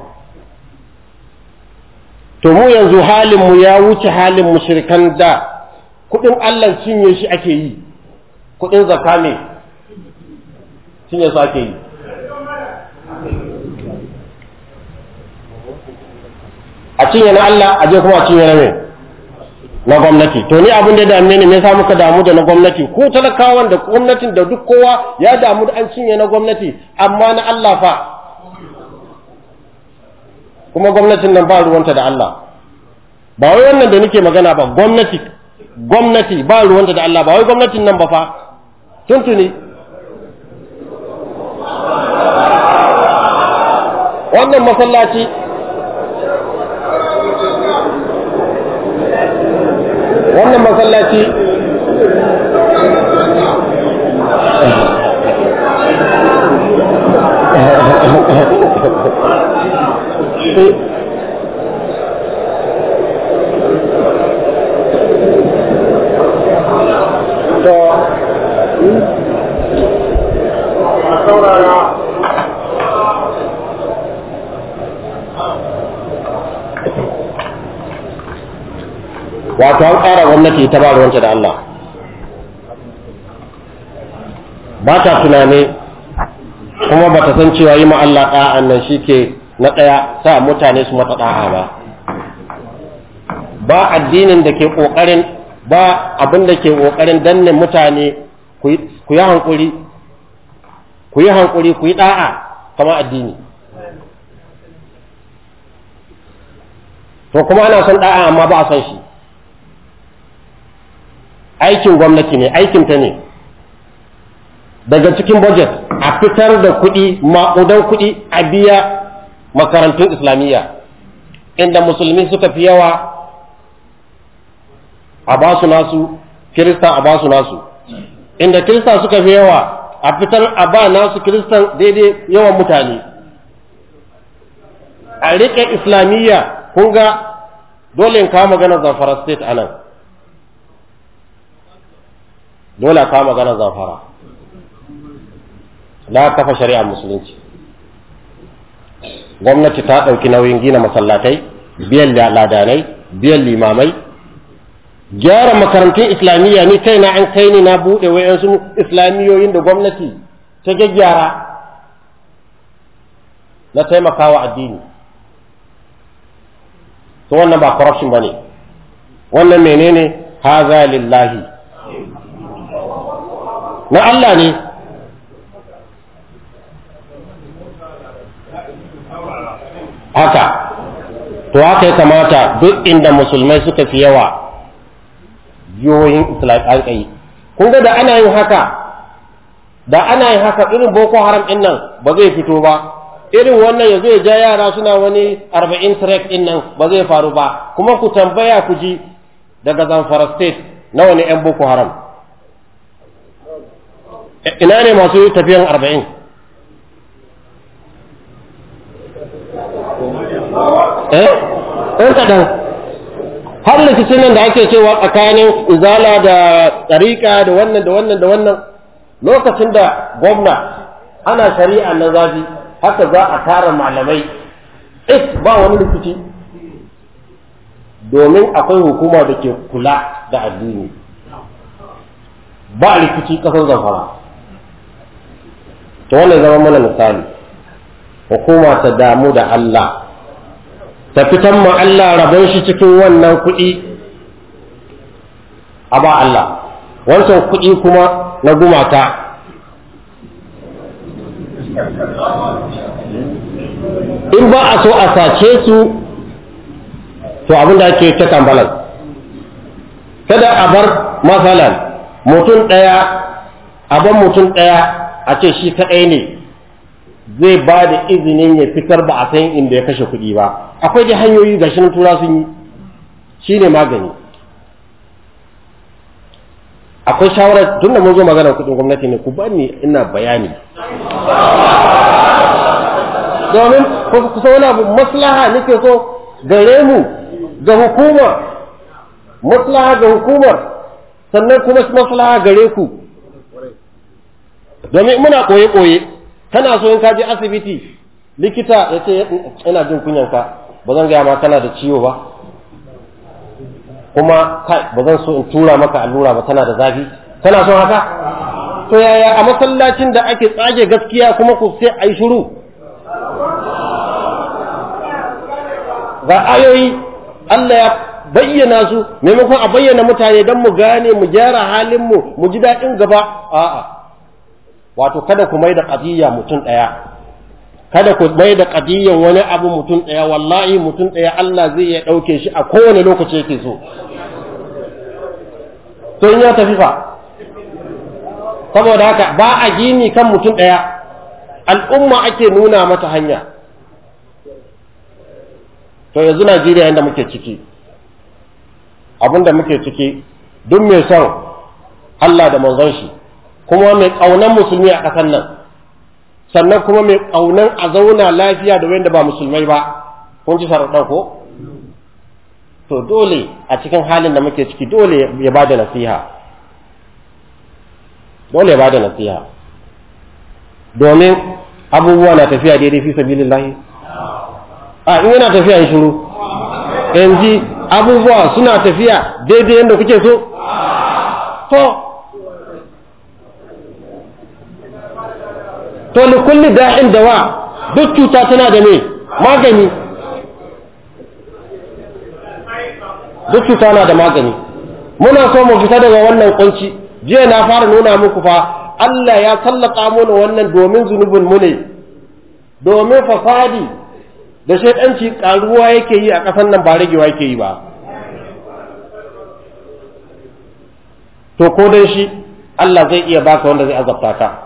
to mu yanzu halinmu ya wuce halin mushrikan da kuɗin Allah cinye shi ake yi kuɗin zaka ne cinye su ake yi a cinye na Allah a je kuma a cinye na mai na gwamnati to ni abin da dame ne me yasa muka damu da na gwamnati ko talakawan da gwamnatin da duk kowa ya damu da an cinye na gwamnati amma na Allah fa kuma gwamnatin nan ba ruwanta da Allah ba wai wannan da nake magana ba gwamnati gwamnati ba ruwanta da Allah ba wai gwamnatin nan ba fa tuntuni wannan masallaci wannan masallaci eh wato an ƙara gwamnati ta ba ruwanta da Allah ba ta tunani kuma ba ta san cewa yi ma Allah ɗa'an nan shi ke na ɗaya sa mutane su mata ɗa'a ba ba addinin da ke ƙoƙarin ba abin da ke ƙoƙarin danne mutane ku yi hankuri ku yi hankuri ku yi ɗa'a kama addini to kuma ana son ɗa'a amma ba a son shi aikin gwamnati ne aikin ta ne daga cikin budget a fitar da kuɗi maƙudan kuɗi a biya makarantun islamiyya inda musulmi suka fi yawa a basu nasu kirista a basu nasu inda kirista suka fi yawa a fitar a ba nasu kiristan daidai yawan mutane a riƙe islamiyya kun ga dole in kawo maganar zamfara state a nan dole ka magana zamfara na kafa shari'a musulunci gwamnati ta ɗauki nauyin gina masallatai biyan ladanai biyan limamai gyara makarantun islamiyya ni kai na an kai ni na buɗe wayansu islamiyoyin da gwamnati ta gyaggyara na taimakawa addini to wannan ba corruption bane wannan menene haza lillahi na Allah ne haka to haka ya kamata duk inda musulmai suka fi yawa yoyin islam an kai kun ga da ana yin haka da ana yin haka irin boko haram din nan ba zai fito ba irin wannan yazo ya ja yara suna wani 40 track din nan ba zai faru ba kuma ku tambaya ku ji daga Zamfara state na wani yan boko haram ina ne masu tafiyan arba'in eh? ɗan kaɗan har likicin nan da ake cewa tsakanin izala da tsarika da wannan da wannan da wannan lokacin da gwamna ana shari'a na zafi haka za a tara malamai if ba wani rikici domin akwai hukuma da ke kula da addini ba likici ƙasar zamfara to wannan zama mana misali hukuma ta damu da Allah ta fitan ma Allah rabon shi cikin wannan kuɗi a ba Allah wancan kuɗi kuma na gumata in ba a so a sace su to abin da ake ta tambalan kada a bar masalan mutum ɗaya a ban mutum ɗaya a ce shi kaɗai ne zai ba da izinin ya fitar ba a san inda ya kashe kuɗi ba akwai dai hanyoyi ga shirin tura sun yi shi ne magani akwai shawarar tun da mun zo magana kuɗin gwamnati ne ku bani ina bayani domin ku san wani abu maslaha nake so gare mu ga hukumar maslaha ga hukumar sannan kuma maslaha gare ku domin muna koye koye kana so in kaji asibiti likita ya ce mm, ina jin kunyanka ba zan gaya ma kana da ciwo ba kuma ba zan so in tura maka allura ba tana da zafi kana so haka to yaya a masallacin da ake tsage gaskiya kuma ku sai a yi shiru ga ayoyi Allah ya bayyana su maimakon a bayyana mutane don mu gane mu gyara halin mu mu ji daɗin gaba a'a wato kada ku mai da qadiyya mutum daya kada ku mai da wani abu mutum daya wallahi mutum ɗaya, Allah zai ya ɗauke shi a kowane lokaci yake so to in ya tafi fa saboda haka ba a gini kan mutum ɗaya, al'umma ake nuna mata hanya to yanzu Najeriya inda muke ciki abinda muke ciki duk mai son Allah da manzon shi kuma mai ƙaunar musulmi a ƙasar nan sannan kuma mai ƙaunan a zauna lafiya da wanda ba musulmai ba kun ci sarar ko to dole a cikin halin da muke ciki dole ya ba da nasiha dole ya ba da nasiha domin abubuwa na tafiya daidai fi sabilillahi a in yana tafiya in shiru yanzu abubuwa suna tafiya daidai yadda kuke so to to li kulli da'in dawa duk cuta tana da me magani duk cuta na da magani muna so mu fita daga wannan kunci jiya na fara nuna muku fa Allah ya sallaka mana wannan domin zunubin mu ne domin fasadi da shaidanci karuwa yake yi a ƙasar nan ba ragewa yake yi ba to ko dan shi Allah zai iya baka wanda zai azabta ka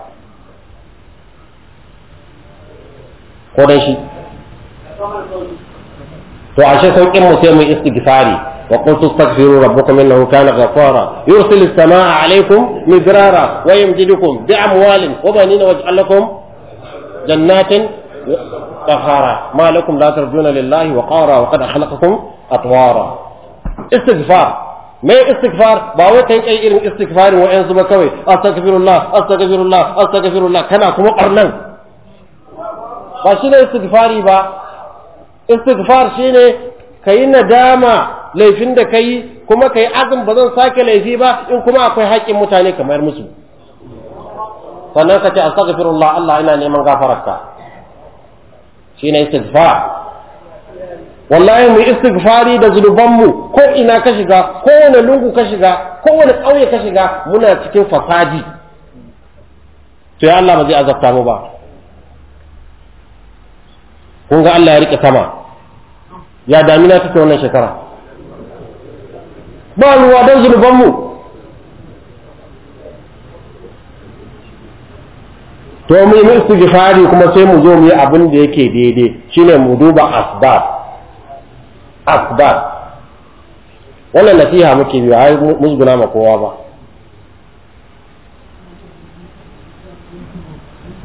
ko dai to ashe saukin mu sai mu istighfari wa qultu astaghfiru rabbakum innahu kana ghafara yursilu as-samaa'a 'alaykum midrara wa yumdidukum bi amwalin wa banina waj'al lakum jannatin طهارا ما لكم لا ترجون لله وقارا وقد خلقكم أطوارا irin استغفار وين زما كوي استغفر الله استغفر الله ba shi ne istighfari ba istighfar shi ne ka nadama laifin da ka kuma ka yi ba zan sake laifi ba in kuma akwai haƙƙin mutane kamar musu sannan ka ce astaghfirullah Allah ina neman gafararka shi ne istighfar wallahi mu istighfari da mu ko ina ka shiga ko kowane lungu ka shiga ko kowane ƙauye ka shiga muna cikin fasadi to ya Allah ba zai azabta mu ba kun ga Allah ya rike sama ya damina ta wannan shekara ba ruwa don zunubanmu to mu yi gifari kuma sai mu zo mu yi abin da yake daidai shine mu duba asbab asbab wannan nasiha muke biya ai musguna ma kowa ba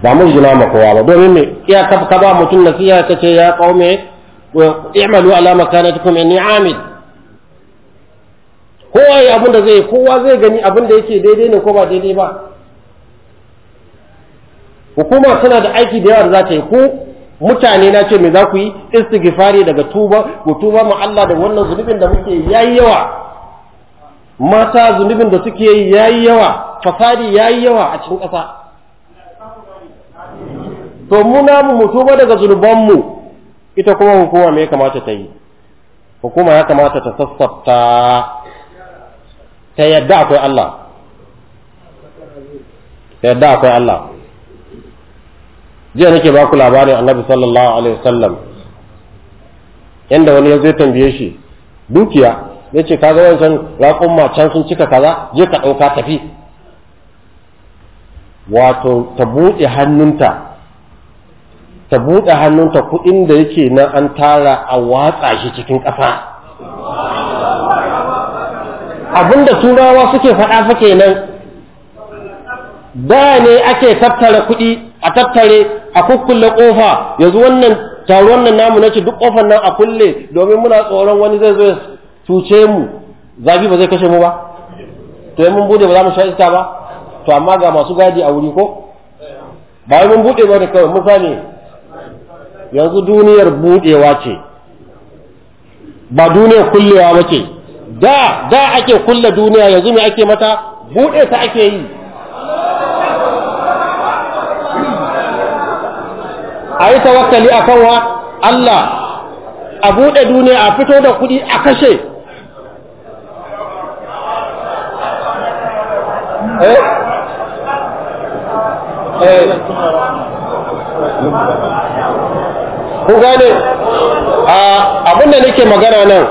ba jina ma kowa ba domin me iya ka ba mutum nasiha ka ce ya kaume i'malu ala makanatikum inni amil kowa ya abin da zai kowa zai gani abin da yake daidai ne ko ba daidai ba hukuma tana da aiki da yawa da za ta yi ko mutane na ce me za ku yi istighfari daga tuba ku tuba ma Allah da wannan zunubin da muke yayi yawa mata zunubin da suke yayi yawa fasadi yayi yawa a cikin ƙasa to mu namu mu tuba daga zulubanmu ita kuma hukuma me ya kamata ta yi hukuma ya kamata ta sassafta ta yadda akwai Allah ta yadda akwai Allah jiya nake baku labarin annabi sallallahu alaihi wasallam inda wani ya zai tambaye shi dukiya ya ce kaga wancan raƙumma can sun cika kaza je ka ɗauka tafi wato ta buɗe hannunta ta buɗe hannunta kuɗin da yake nan an tara a watsa shi cikin abin da turawa suke faɗa fa nan, da ne ake tattara kuɗi a tattare a kukkulle ƙofa yanzu wannan taron nan namu na ce duk ƙofar nan a kulle domin muna tsoron wani zai zo cuce mu zabi ba zai kashe mu ba to mun bude ba za mu sha iska ba to amma ga masu gadi a wuri ko ba mun bude ba da kawai mun sani yanzu duniyar budewa ce ba duniyar kullewa ba ce da da ake kulle duniya yanzu mai ake mata bude ta ake yi a yi tawakali a kanwa Allah a bude duniya a fito da kudi a kashe eh eh ku gane abin da nake magana nan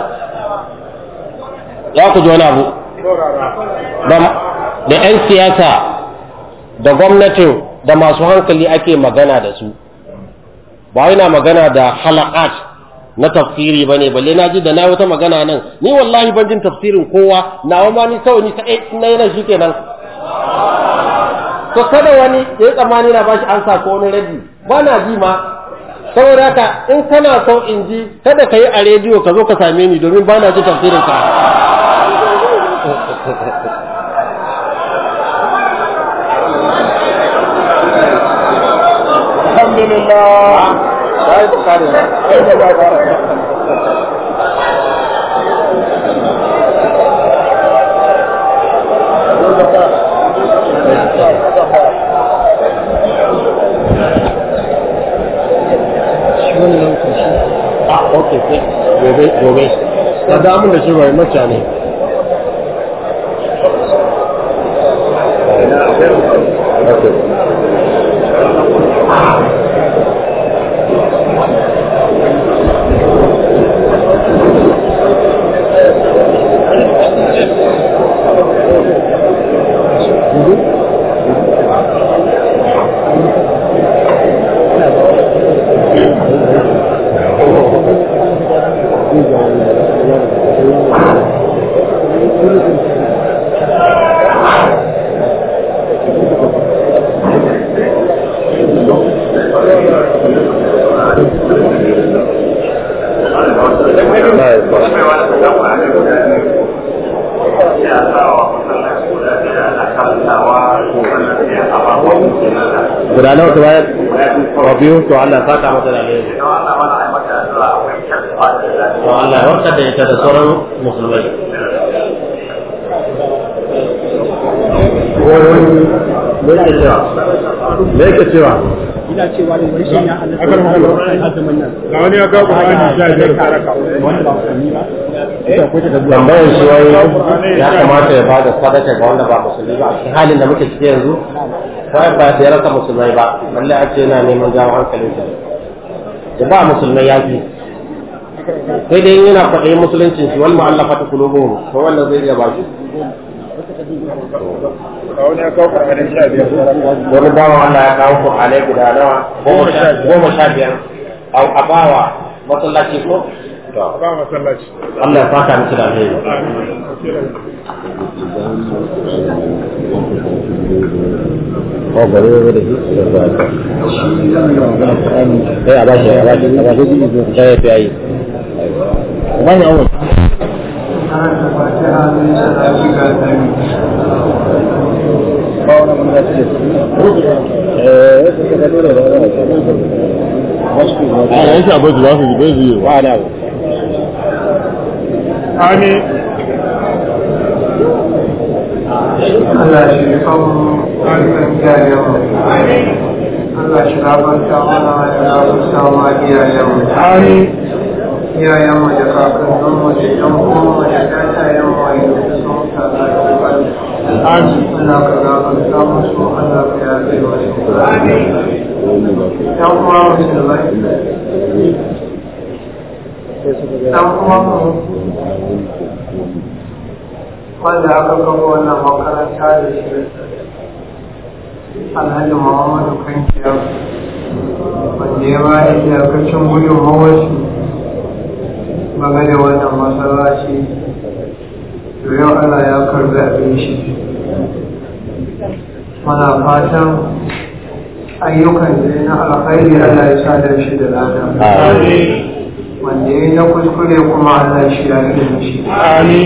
ya ku ji wani abu da 'yan siyasa da gwamnatin da masu hankali ake magana da su ba yana magana da halakat na tafsiri ba ne balle na ji da na wata magana nan ni wallahi ban jin tafsirin kowa nawa ma ni kawai ni ta na yana shi kenan to kada wani ya tsammani na bashi ansa ko wani rabi ba na ji ma saboda ka in kana son in ji kada ka yi a rediyo ka zo ka same ni domin ba na ji tafsirin ka alhamdulillah ah, damar da shi bai mutane biyu to Allah ya saka mata da alheri to Allah ya warkar da ita da sauran musulmai me yake cewa me yake cewa ina cewa wani Allah azumin nan ga wani ya ga ba ba eh? shi wai ya kamata ya bada sadaka ga wanda ba musulmi ba a cikin halin da muke ciki yanzu wai ba da rasa musulmai ba balle a ce na neman jawo hankalin sa jama'a musulmai ya fi sai dai yana faɗe musuluncin shi wal mu'allafa ta kulubu ko wanda zai iya ba shi wani bawan Allah ya kawo Qur'anai guda nawa goma sha biyar a bawa masallaci ko? Ba masallaci. Allah ya fata miki da alheri. ko gare da shi da ba ta Allah shi labarta ya da da da ka wanda aka kawo wannan makaranta da shi alhaji muhammadu kan kiyar wanda ya ba da iyakacin gudun mawashi game da wannan masallaci to yau ana ya mana fatan ayyukan da na alkhairi ana ya sadar shi da lada wanda ya na kuskure kuma ana shi ya shi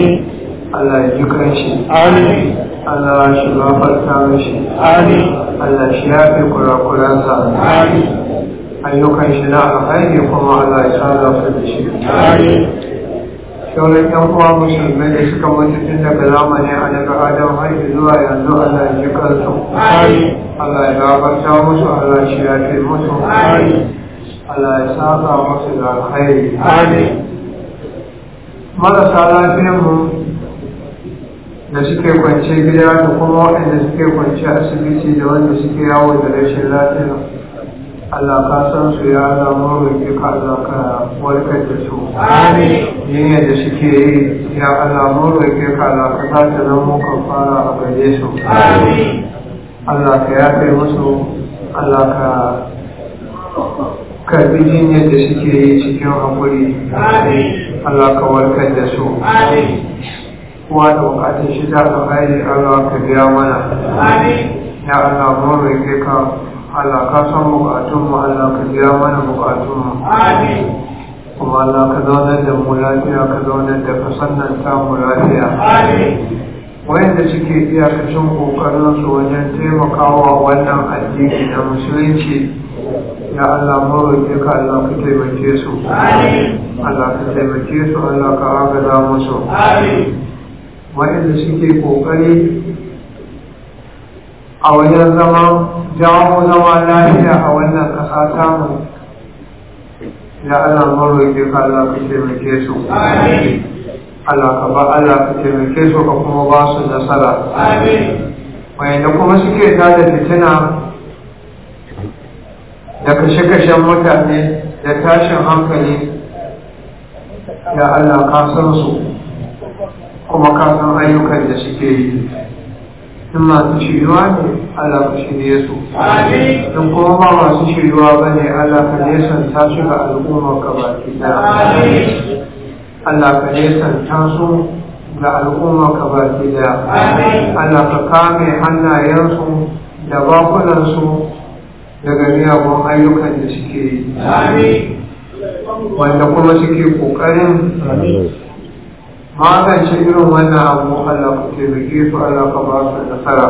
Allah ya ji kan shi. Amin. Allah shi mafarta mashi Allah shi ya fi kurakuransa ayyukan shi na alhaini kuma Allah ya sarrafa da shi sauran yan uwa musulmai da suka mutu tun daga zamani a daga adam har zuwa yanzu Allah ya ji kansu Allah ya gafarta musu Allah shi ya fi musu Allah ya saba musu da alhaini marasa lafiyar mu da suke kwance gida da kuma waɗanda suke kwance asibiti da wanda suke yawo da rashin lafiya Allah ka san su ya zama mun ka Allah ka warkar da su Yin yadda suke yi ya Allah mun ka Allah ka ba ta zama kan fara a gaje su Allah ka kai musu Allah ka karbi jin yadda suke yi cikin haƙuri Allah ka warkar da su kowa da bukatun shi da alkhairi Allah ka biya mana ya Allah mun rike ka Allah ka san bukatun mu Allah ka biya mana bukatun mu kuma Allah ka zaunar da mu lafiya ka zaunar da ka sannan samu lafiya wanda suke iyakacin kokarinsu wajen taimakawa wannan addini na musulunci ya Allah maroke ka Allah ka taimake su Allah ka taimake su Allah ka agaza musu waɗanda suke ƙoƙari a wajen zama jawo zama lafiya a wannan ƙasa tamu ya Allah maroƙi ka Allah ka taimake su Allah ka ba Allah ka taimake su ka kuma ba su nasara wayanda kuma suke da fitina da kashe-kashen mutane da tashin hankali ya Allah ka san su kuma ka san ayyukan da suke yi in masu shiriwa ne Allah ka shirye su in kuma ba masu shiriwa ba ne Allah ka nesanta su ga al'ummar ka baki daya Allah ka nesanta su ga al'ummar ka baki daya Allah ka kame hannayensu da bakunansu daga miyagun ayyukan da suke yi wanda kuma suke ƙoƙarin magance irin wannan abu Allah ku taimake su Allah ka ba su nasara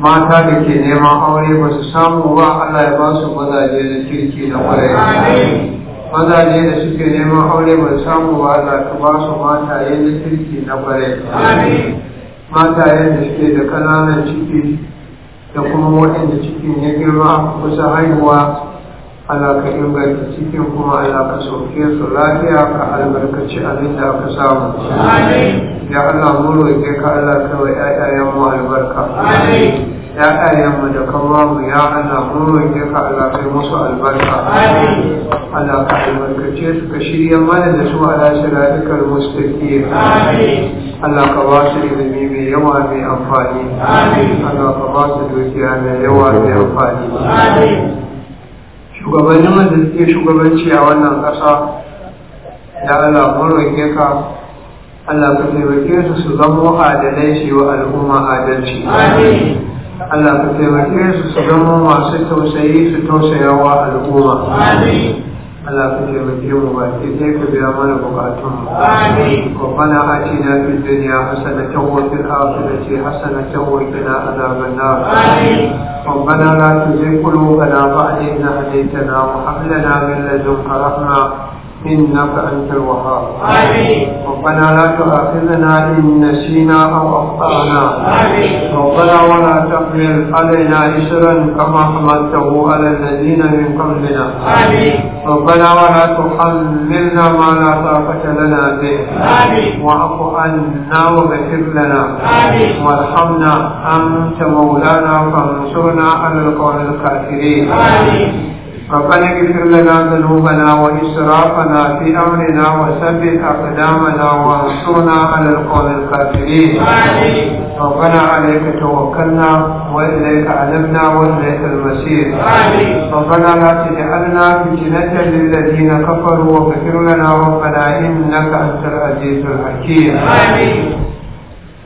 mata da ke neman aure ba su samu ba Allah ya ba su mazaje da kirki da kware. mazaje da suke neman aure ba su samu ba Allah ka ba su mataye da kirki na kware. mataye da suke da kananan ciki da kuma waɗanda cikin ya girma kusa haihuwa Allah ka inganci cikin kuma Allah ka sauke su lafiya ka albarkaci abin da aka samu. Ya Allah mu roƙe ka Allah ka wa mu albarka. mu da kama mu ya Allah mu roƙe ka Allah kai musu albarka. Allah ka albarkace su ka shirya mana da su ala shirafikar mustaƙi. Allah ka ba su ilimi mai yawa mai amfani. Allah ka ba su dukiya mai yawa mai amfani. shugabannin wanda suke shugabanci a wannan ƙasa da Allah mun ka Allah ka taimake su su zamo adalai shi wa al'umma adalci Allah ka taimake su su zamo masu tausayi su tausayawa al'umma Allah ka taimake mu ba sai sai ka biya mana bukatun mu. Rabbana atina fid dunya hasanatan wa fil akhirati hasanatan wa qina adhaban nar. ربنا لا تزغ قلوبنا بعد إذ هديتنا وهب لنا من لدنك رحمة إنك أنت الوهاب ربنا لا تؤاخذنا إن نسينا أو أخطأنا ربنا ولا تحمل علينا إسرا كما حملته على الذين من قبلنا ربنا ولا تحملنا ما لا طاقة لنا به واعف عنا وبشر لنا وارحمنا أنت مولانا فانصرنا على القوم الكافرين ربنا اغفر لنا ذنوبنا وإسرافنا في أمرنا وثبت أقدامنا وانصرنا على القوم الكافرين ربنا عليك توكلنا وإليك علمنا وإليك المسير ربنا لا تجعلنا فتنة للذين كفروا واغفر لنا ربنا إنك أنت العزيز الحكيم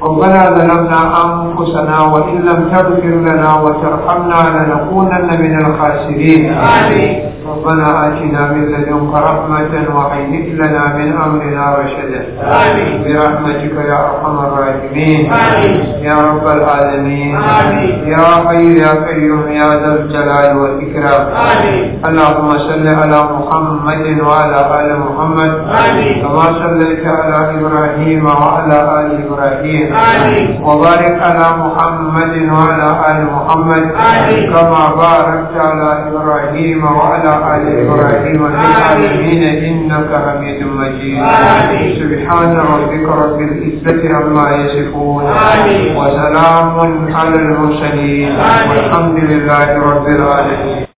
ربنا ظلمنا أنفسنا وإن لم تغفر لنا وترحمنا لنكونن من الخاسرين آمين ربنا آتنا من لدنك رحمة وهيئ لنا من أمرنا رشدا آمين برحمتك يا أرحم الراحمين آمين يا رب العالمين آمين يا حي يا قيوم يا ذا الجلال والإكرام آمين اللهم صل على محمد وعلى آل محمد آمين كما صليت على إبراهيم وعلى آل إبراهيم آمين وبارك على محمد وعلى آل محمد آمين كما باركت على إبراهيم وعلى آل إبراهيم في العالمين إنك حميد مجيد سبحان ربك رب العزة عما يصفون وسلام على المرسلين والحمد لله رب العالمين